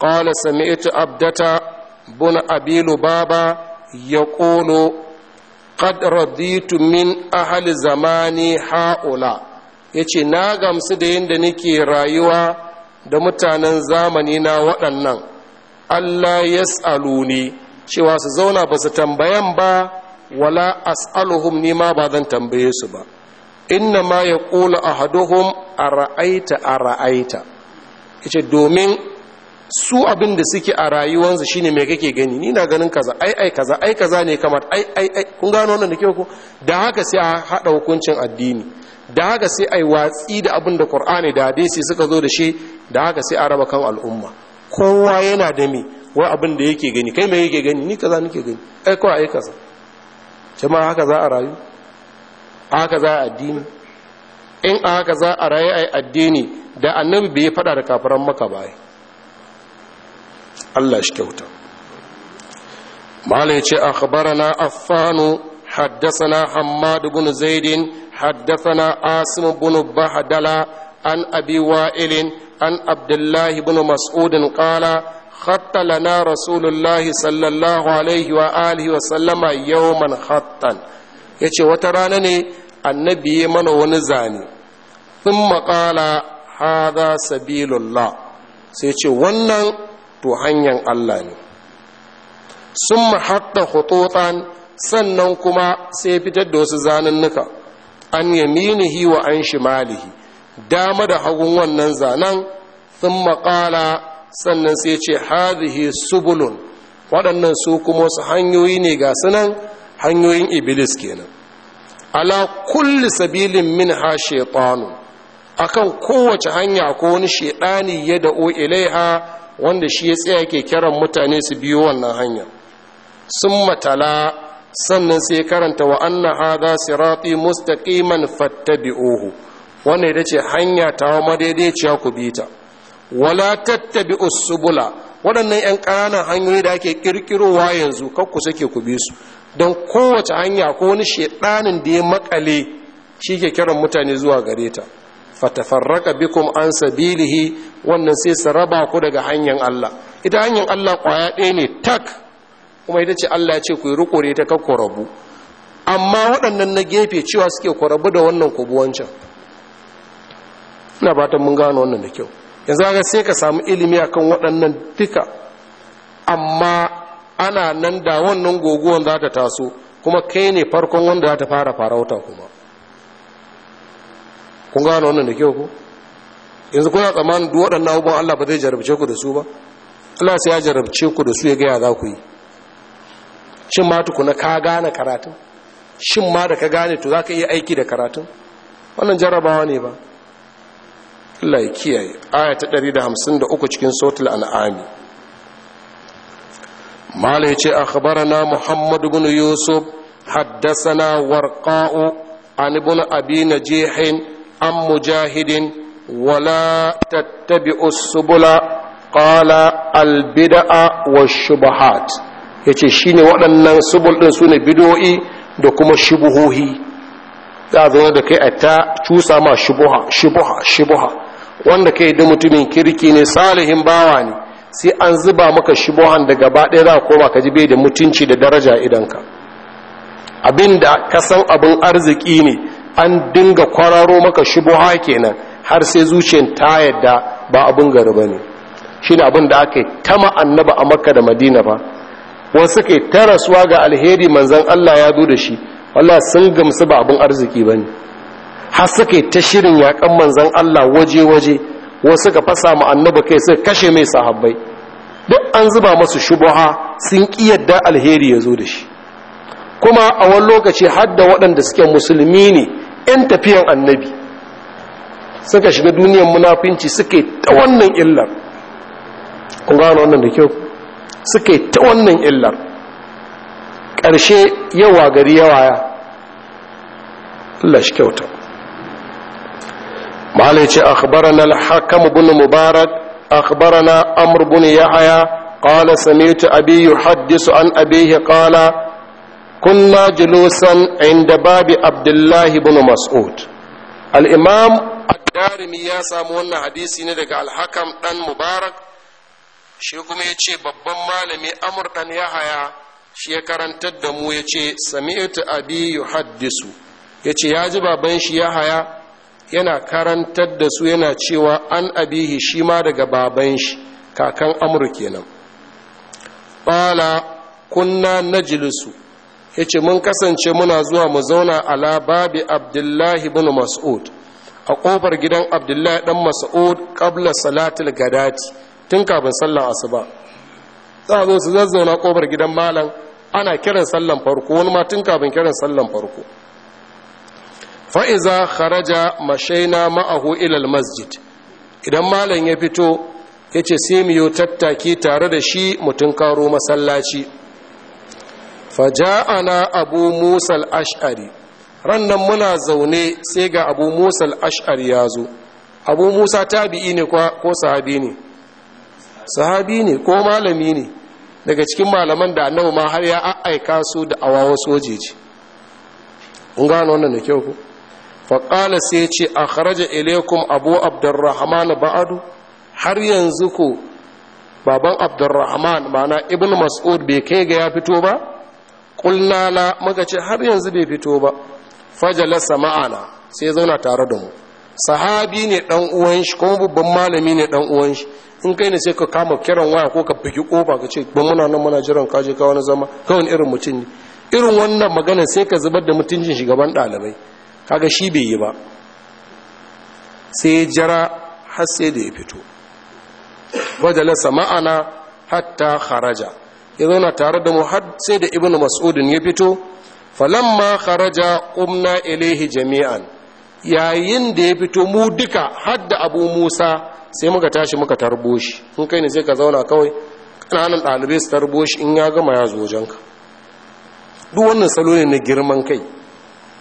sami'tu abdata bin Abilubaba. ya ƙolo qad raditu min ahli zamani haula yace na gamsu da yadda nake rayuwa da mutanen zamani na waɗannan Allah ne cewa su zauna ba su tambayan ba wala as'aluhum ni ma ba zan tambaye su ba inna ma yaqulu ahaduhum ara'aita ara'aita yace domin su abin da suke a rayuwansu shine mai kake gani ni na ganin kaza ai ai kaza ai kaza ne kamar ai ai ai kun gano wannan da kyau ko da haka sai a hada hukuncin addini da haka sai ai watsi da abin da Qur'ani da hadisi suka zo da shi da haka sai a raba kan al'umma kowa yana da me wai abin da yake gani kai me yake gani ni kaza nake gani ai ko ai kaza jama'a haka za a rayu haka za a addini in haka za a rayu ai addini da annabi bai faɗa da kafiran maka ba Allah shi kyauta mala yace akhbarana affanu haddathana hammad ibn zaid haddathana asim ibn bahdala an abi wa'il an abdullah ibn mas'ud qala خط لنا رسول الله صلى الله عليه وآله وسلم يوما خطا yace wata rana ne annabi ya mana wani zane in maƙala haza sabilulla. sai ce wannan to hanyar Allah ne sun mahatta hototan sannan kuma sai fitar da wasu zanannuka an yaminihi wa an shimalihi dama da hagun wannan zanen sun maƙala sannan sai ce hadhihi subulun waɗannan su kuma wasu hanyoyi ne ga sunan hanyoyin iblis kenan ala kulli sabilin min ha shaitanu akan kowace hanya ko wani shaidani ya da'o ilaiha wanda shi ya tsaya ke kiran mutane su biyo wannan hanya sun matala sannan sai karanta wa anna hadha sirati mustaqiman fattabi'uhu wannan ya ce hanya ta madaidaiciya ku bi ta wala tattabi'u subula waɗannan 'yan ƙananan hanyoyi da ake ƙirƙirowa yanzu kakku sake ku bi su don kowace hanya ko wani shaɗanin da ya makale shi ke kiran mutane zuwa gare ta fatafarraka bikum an sabilihi wannan sai su raba ku daga hanyar Allah ita hanyar Allah kwaya ɗaya ne tak kuma ita ce Allah ya ce ku yi rukure ta kakku rabu amma waɗannan na gefe cewa suke kwarabu da wannan ku wancan ina fatan mun gano wannan da kyau yanzu ga sai ka samu ilimi akan waɗannan duka amma ana nan da wannan goguwan za ta taso kuma kai ne farkon wanda za ta fara farauta kuma kun gano wannan da kyau ko yanzu kuna tsammanin duk waɗannan abubuwan Allah ba zai jarabce ku da su ba Allah sai ya jarabce ku da su ya gaya za ku yi shin ma tukuna ka gane karatun shin ma da ka gane to za ka iya aiki da karatun wannan jarabawa ne ba Allah ya kiyaye aya ta 153 cikin sautul an'ami mala ya ce akhbarana muhammad ibn yusuf haddasana warqa'u an ibn abi najihin عن مجاهد ولا تتبعوا السبل قال البدع والشبهات yace shine waɗannan subul ɗin su ne da kuma shubuhohi za a da kai a ta cusa ma shubuha shubuha shubuha wanda kai da mutumin kirki ne salihin bawa ne sai an zuba maka shubuhan da gaba ɗaya za a koma ka ji bai da mutunci da daraja idanka abin da ka san abin arziki ne an dinga kwararo maka shubuha kenan har sai zuciyar ta yadda ba abin gari ba ne shi abin da aka yi ta ma'annaba a makka da madina ba wasu ke ta ga alheri manzan allah ya zo da shi wallah sun gamsu ba abin arziki ba ne har suke ta shirin yakan manzan allah waje-waje wasu ka fasa ma'annaba kai sai kashe mai sahabbai duk an zuba masu shubuha sun ƙi yadda alheri ya zo da shi kuma a wani lokaci hadda waɗanda suke musulmi ne 'yan tafiyan annabi suka shiga duniyar munafinci suke ta wannan illar kun gano wannan da kyau suke ta wannan illar ƙarshe yawa gari yawaya Allah shi kyauta mahalai ce al-hakam ibn mubarak akhbarana amr ibn yahya qala sami'tu abi yuhaddisu an abihi qala kunna julusan inda babi abdullahi bin mas'ud al-imam darimi ya samu wannan hadisi ne daga alhakam dan mubarak shi kuma ya ce babban malami amur dan yahaya shi ya karantar da mu ya ce sami'tu abi yuhaddisu ya ce ya ji baban shi yahaya yana karantar da su yana cewa an abihi shi ma daga baban shi kakan amur kenan bala kunna najlisu ya ce mun kasance muna zuwa mu zauna ala babi abdullahi bin mas'ud a ƙofar gidan abdullahi dan mas'ud ƙabla salatul gadati tun kafin sallan asuba za a zo su zazzauna ƙofar gidan malam ana kiran sallan farko wani ma tun kafin kiran sallan farko fa'iza kharaja mashaina ma'ahu ilal masjid idan malam ya fito yace sai mu yi tattaki tare da shi mutum karo masallaci faja'ana abu musa Al-Ashari, rannan muna zaune sai ga abu musa Al-Ashari ya zo abu musa tabi'i ne ko sahabi ne sahabi ne ko malami ne daga cikin malaman da annabi ma har ya aika su da awawa sojeji in gano wannan da kyau ku faƙala sai ce a kharaja ilaikum abu abdurrahman ba'adu har yanzu ku baban abdurrahman mana ibn mas'ud bai kai ga ya fito ba kullala muka ce har yanzu bai fito ba fajalasa ma'ana sai ya zauna tare da mu sahabi ne dan uwan shi kuma babban malami ne dan uwan shi in kai ne sai ka kama kiran waya ko ka bugi kofa ka ce ba muna nan muna jiran ka je ka wani zama wani irin mutum ne irin wannan magana sai ka zubar da mutuncin gaban dalibai. kaga shi bai yi ba sai jira har sai da ya fito fajalasa ma'ana hatta kharaja ya zauna tare da mu har sai da ibnu mas'udin ya fito falamma kharaja qumna ilaihi jami'an yayin da ya fito mu duka har da abu musa sai muka tashi muka tarbo shi in kai ne sai ka zauna kawai nan ɗalibai su tarbo shi in ya gama ya zo wajenka duk wannan salo ne na girman kai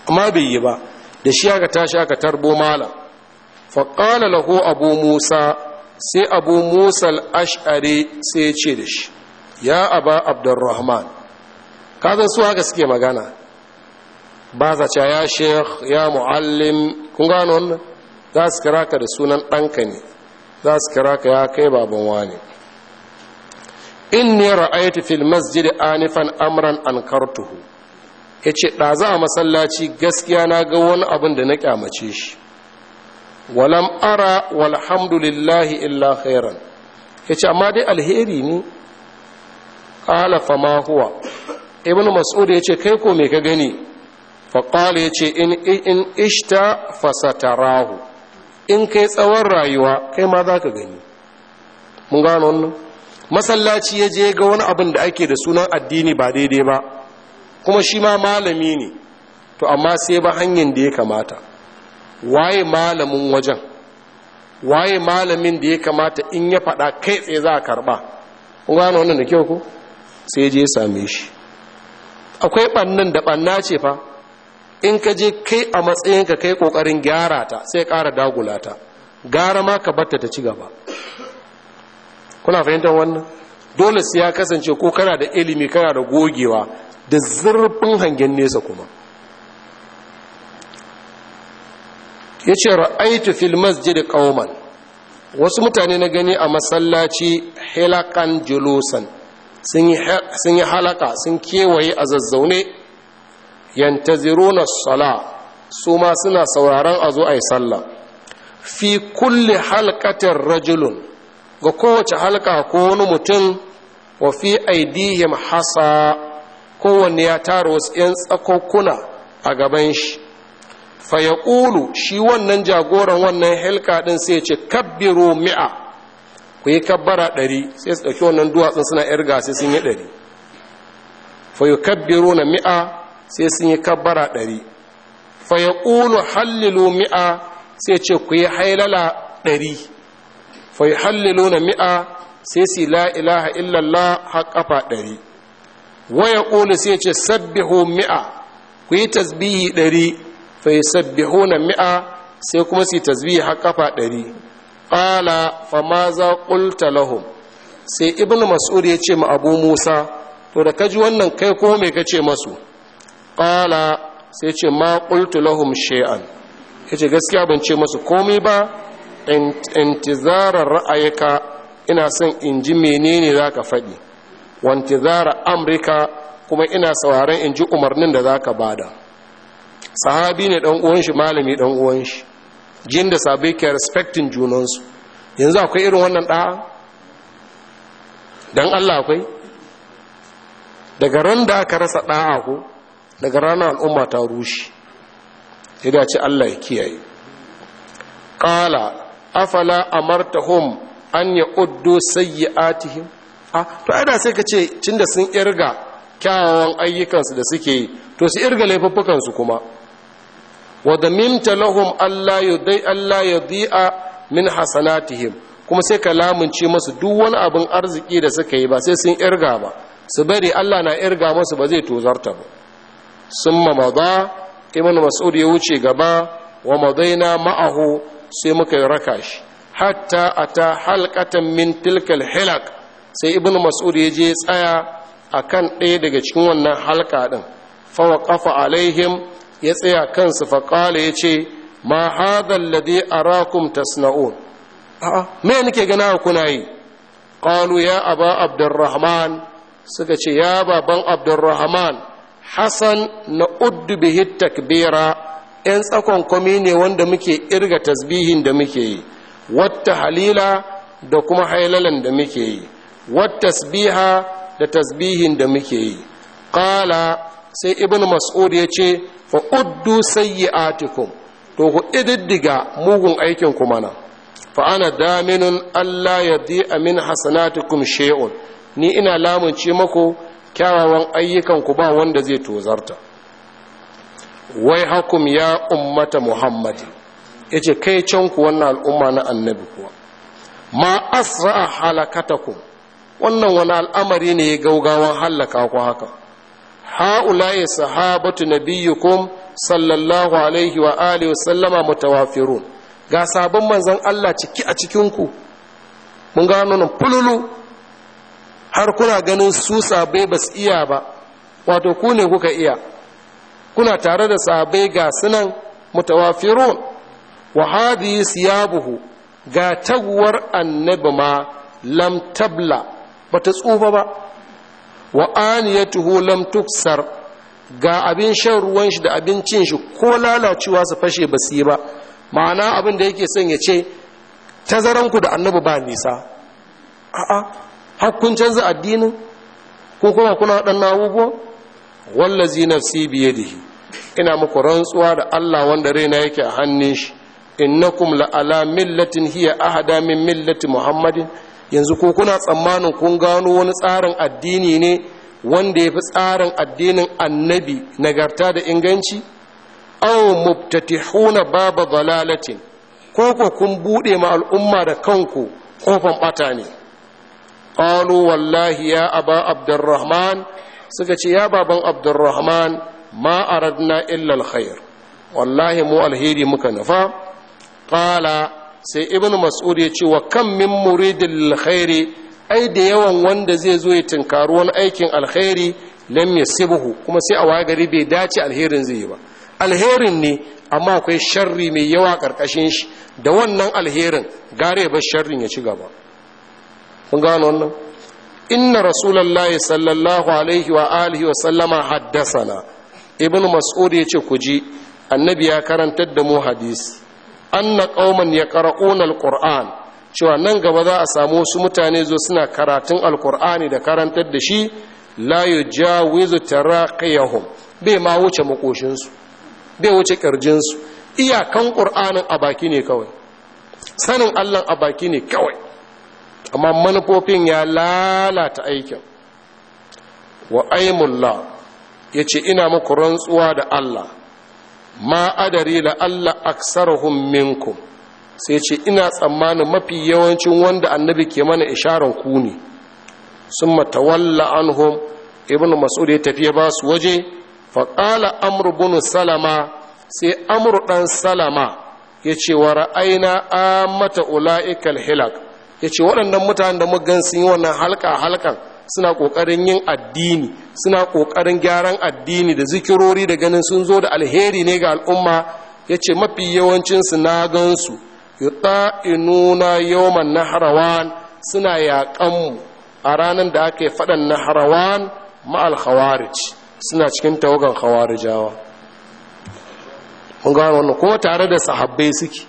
amma bai yi ba da shi aka tashi aka tarbo malam faƙala lahu abu musa sai abu musa al-ash'ari sai ya ce da shi ya aba abdurrahman zai su haka suke magana ba za ce ya sheikh ya mu'allim kun gano wannan za su kira ka da sunan ɗanka ne za su kira ka ya kai baban wani In ne ra'aytu fil masjid anifan amran ankartuhu yace ɗaza a masallaci gaskiya na ga wani abin da na kyamace shi walam ara walhamdulillahi illa khairan yace amma dai alheri ne qala fa ma huwa ibn mas'ud yace kai ko me ka gani fa qala yace in in ishta fasatarahu in kai tsawon rayuwa kai ma za ka gani mun gano wannan masallaci ya je ga wani abin da ake da sunan addini ba daidai ba kuma shi ma malami ne to amma sai ba hanyar da ya kamata waye malamin wajen waye malamin da ya kamata in ya faɗa kai tsaye za a karɓa kun gano wannan da kyau ko sai je same shi akwai ɓannan da ɓanna ce fa in ka je kai a matsayinka kai ƙoƙarin gyara ta sai ƙara dagula ta gara ma ka batta ta ci gaba kuna fahimtar wannan dole sai ya kasance ko kana da ilimi kana da gogewa da zurfin hangen nesa kuma ya ce ra'aitu fil masjid qauman wasu mutane na gani a masallaci hilakan julusan sun yi halaka sun kewaye a zazzaune yantaziruna sala su ma suna sauraron a zo yi sallah fi kulle halkatar rajulun ga kowace halka ko wani mutum wa fi aidihim hasa kowanne ya tara wasu 'yan tsakokuna a gaban shi faya shi wannan jagoran wannan halka ɗin sai ce kabbiro mi'a ku yi kabbara ɗari sai su ɗauki wannan duwatsun suna ga sai sun yi ɗari fayu kabbiro na mi'a sai sun yi kabbara ɗari faya ƙulu hallilu mi'a sai ce ku yi hailala ɗari fayu hallilu na mi'a sai su la ilaha illallah har ƙafa ɗari waya ƙulu sai ce sabbihu mi'a ku yi tasbihi ɗari fayu sabbihu na mi'a sai kuma su yi tasbihi har ƙafa ɗari Fala fama za qulta lahum sai ibn mas'ud ya ce ma abu musa to da kaji wannan kai ko me ka masu qala sai ce ma qultu lahum shay'an ya gaskiya ban ce masu komai ba intizarar ra'ayika ina son in ji menene zaka ka faɗi wantizara amrika kuma ina sauraron in ji umarnin da zaka bada sahabi ne dan uwan shi malami dan uwan shi jin da sabai ke respectin junansu yanzu akwai irin wannan ɗa'a don allah akwai daga ran da aka rasa ɗa'a ko daga ranar al'umma ta rushe ya dace allah ya kiyaye ƙala afala Hom, an ya uddu sayyi'atihim a ah, to ai sai ka ce da sun irga kyawawan ayyukansu da suke yi to su irga laifuffukansu kuma wa lahum Allah ya dai Allah yadi'a min hasanatihim kuma sai ka lamunce masu duk wani abin arziki da suka yi ba sai sun irga ba su bari Allah na irga masu ba zai tozarta ba sun madha ibn mas'ud ya wuce gaba wa mazaina ma'ahu sai muka raka shi hatta ata halkatan min tilkal hilak sai ibn mas'ud ya je tsaya a kan ɗaya daga cikin wannan halka ɗin, fa ƙafa alaihim ya tsaya kansu faƙala ya ce ma hadal ladi arakum tasna'un a'a me nake gana kuna yi qalu ya aba abdurrahman suka ce ya baban abdurrahman Hassan na uddu bihi takbira yan tsakon kwami ne wanda muke irga tasbihin da muke yi wata halila da kuma hailalan da muke yi wata tasbiha da tasbihin da muke yi ƙala sai ibn mas'ud ya ce fa uddu sayyi'atikum to ku ididdiga mugun aikin ku mana fa ana daminun Allah ya amin hasanatikum shay'un ni ina lamunce mako kyawawan ayyukan ku ba wanda zai tozarta wai hakum ya ummata muhammadi yace kai can ku wannan al'umma na annabi kuwa ma asra halakatakum wannan wani al'amari ne ya gaugawan hallaka ku haka ha'ulaye sahabatu nabiyyukum sallallahu alaihi wa alihi sallama mutawafirun ga sabon manzon Allah ciki a cikin ku mun gano nan fululu har kuna ganin su sabai ba iya ba wato ku ne kuka iya kuna tare da sabai ga sunan mutawafirun wa hadhihi siyabuhu ga taguwar annabi ma lam tabla bata tsufa ba wa aniyatuhu lam tuksar ga abin shan ruwan shi da abincin shi ko lalacewa su fashe ba su yi ba ma'ana abin da yake son ya ce tazaranku da annabi ba nisa a'a har kun canza addinin ko kuma kuna dan abubuwa wallazi nafsi yadihi ina muku rantsuwa da Allah wanda raina yake a hannun shi innakum la ala millatin hiya ahada min millati muhammadin yanzu ko kuna tsammanin kun gano wani tsarin addini ne wanda ya fi tsarin addinin annabi nagarta da inganci aw mubtatihuna baba dalalatin ko ko kun bude ma al'umma da kanku kofan bata ne qalu wallahi ya aba abdurrahman suka ce ya baban abdurrahman ma aradna illa alkhair wallahi mu alheri muka nafa qala sai ibn mas'ud ya ce wa kam min muridil khairi ai da yawan wanda zai zo ya tinkari wani aikin alkhairi lam yasibuhu kuma sai a waya gari bai dace alherin zai yi ba alherin ne amma akwai sharri mai yawa karkashin shi da wannan alherin gare ba sharrin ya ci gaba kun gano wannan inna rasulullahi sallallahu alaihi wa alihi wa sallama ibn mas'ud ya ce ku ji annabi ya karantar da mu hadisi anna qauman yaqra'una alquran cewa nan gaba za a samu wasu mutane zo suna karatun alqur'ani da karantar da shi la yujawizu taraqiyahum bai ma wuce makoshin su bai wuce kirjin su iyakan qur'anin a baki ne kawai sanin Allah a baki ne kawai amma manufofin ya lalata aikin wa aimullah yace ina muku rantsuwa da Allah ma adari la Allah aksarhum minkum sai ce ina tsammanin mafi yawancin wanda annabi ke mana isharar ku ne sun matawalla anhum ibn mas'ud ya tafi ba su waje faƙala amru bin salama sai amru dan salama ya ce wa ra'aina amata ula'ikal hilak ya ce waɗannan mutanen da gan sun yi wannan halka halkan suna ƙoƙarin yin addini suna ƙoƙarin gyaran addini da zikirori da ganin sun zo da alheri ne ga al'umma ya ce mafi yawancinsu na gansu inuna yawman naharawan suna yaƙanmu a ranar da aka yi faɗan naharawan ma'al khawarij suna cikin tawagan khawarijawa mun kuma tare da sahabbai suke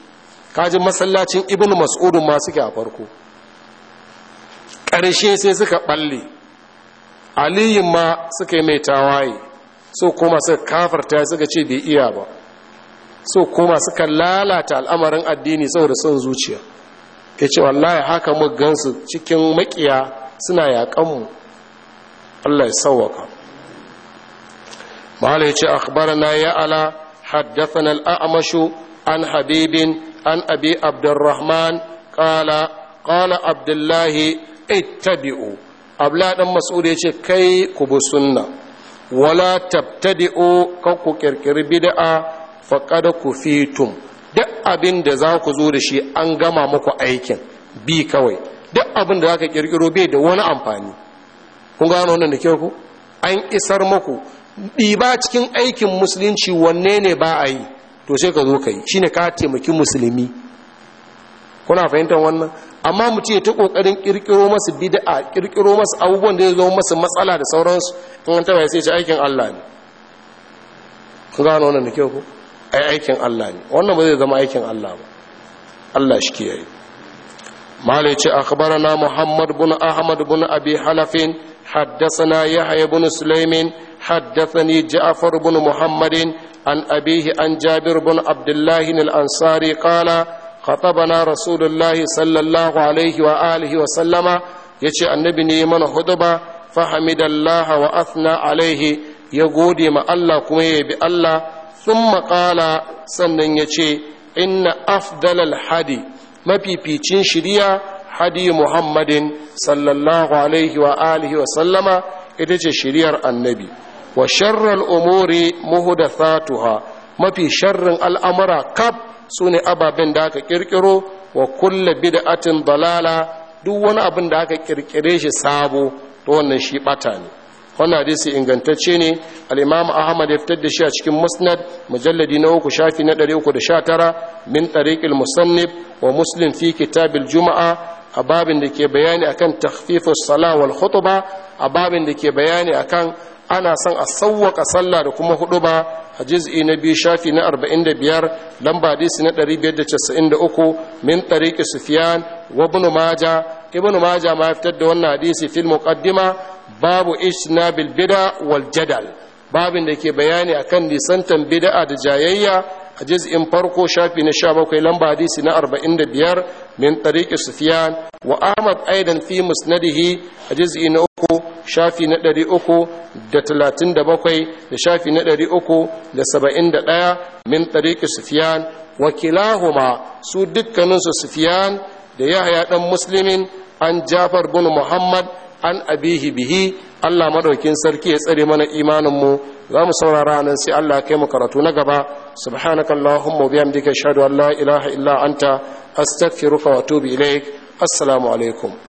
kaji masallacin ibnu mas'udun ma suke a farko ƙarshe sai suka ɓalle aliyin ma suka yi mai tawaye so kuma suka kafarta suka ce bai iya ba so kuma suka lalata al'amarin addini saboda son zuciya ya ce wallahi haka mu gansu cikin makiya suna yaƙanmu allah ya sauwaka mahala ya ce akhbarana ya ala haddathana al'amashu an habibin an abi abdurrahman qala abdullahi ittabi'u abla dan mas'ud ya ce kai ku bi sunna wala tabtadi'u ka ku kirkiri bid'a faqad kufitum duk abin da za ku zo da shi an gama muku aikin bi kawai duk abin da za ka kirkiro bai da wani amfani kun gano wannan da kyau ku an isar muku ɗiba cikin aikin musulunci wanne ne ba a yi to sai ka zo ka yi shine ka taimaki musulmi kuna fahimtar wannan amma mu ce ta kokarin kirkiro masu bid'a kirkiro masu abubuwan da ya zo masu matsala da sauransu in an taba sai ce aikin Allah ne ku gano wannan da kyau ku ai aikin Allah ne wannan ba zai zama aikin Allah ba Allah shi yi. malai ce akhbarana Muhammad bin Ahmad bin Abi Halafin haddathana yahya bin sulaimin haddathani ja'far bin muhammadin an أبيه an jabir bin عبد al ansari qala khatabana rasulullahi sallallahu alaihi wa alihi wa sallama yace annabi ne mana huduba fa hamidallaha wa athna alaihi ya gode ma Allah kuma ya bi Allah thumma qala sannan yace inna afdalal hadi mafificin shiriya hadi muhammadin sallallahu alaihi wa alihi wa sallama ita ce shiriyar annabi wa sharral umuri muhdathatuha mafi sharrin al'amura kaf su ne ababen da aka kirkiro wa kulle bid'atin dalala duk wani abin da aka kirkire shi sabo to wannan shi bata ne wannan hadisi ingantacce ne al-imam ahmad ya fitar da shi a cikin musnad mujalladi na uku shafi na 319 min tariqil musannif wa muslim fi kitabil juma'a ababin da ke bayani akan takhfifus sala wal khutba ababin da ke bayani akan ana son a sawwaka sallah da kuma huduba a juz'i na biyu shafi na 45 lamba hadisi na 593 min tariqi sufyan wa ibn maja. ibn majah ma da wannan hadisi fil muqaddima babu isnabil bid'a waljadal jadal babin da ke bayani kan lisantan bid'a da jayayya a juz'in farko shafi na 17 lamba hadisi na 45 min tariqi sufyan wa ahmad aidan fi musnadihi a juz'i na uku shafi na ɗari uku da talatin da bakwai da shafi na ɗari uku da saba'in da ɗaya min ɗariƙi sufiyan wakilahuma su dukkaninsu sufiyan da yahaya ɗan musulmin an jafar bin muhammad an abihi bihi allah maɗaukin sarki ya tsare mana imaninmu za mu saurara nan sai allah kai mu karatu na gaba subhanakallahumma bihamdika ashhadu an la ilaha illa anta astaghfiruka wa atubu ilaik assalamu alaikum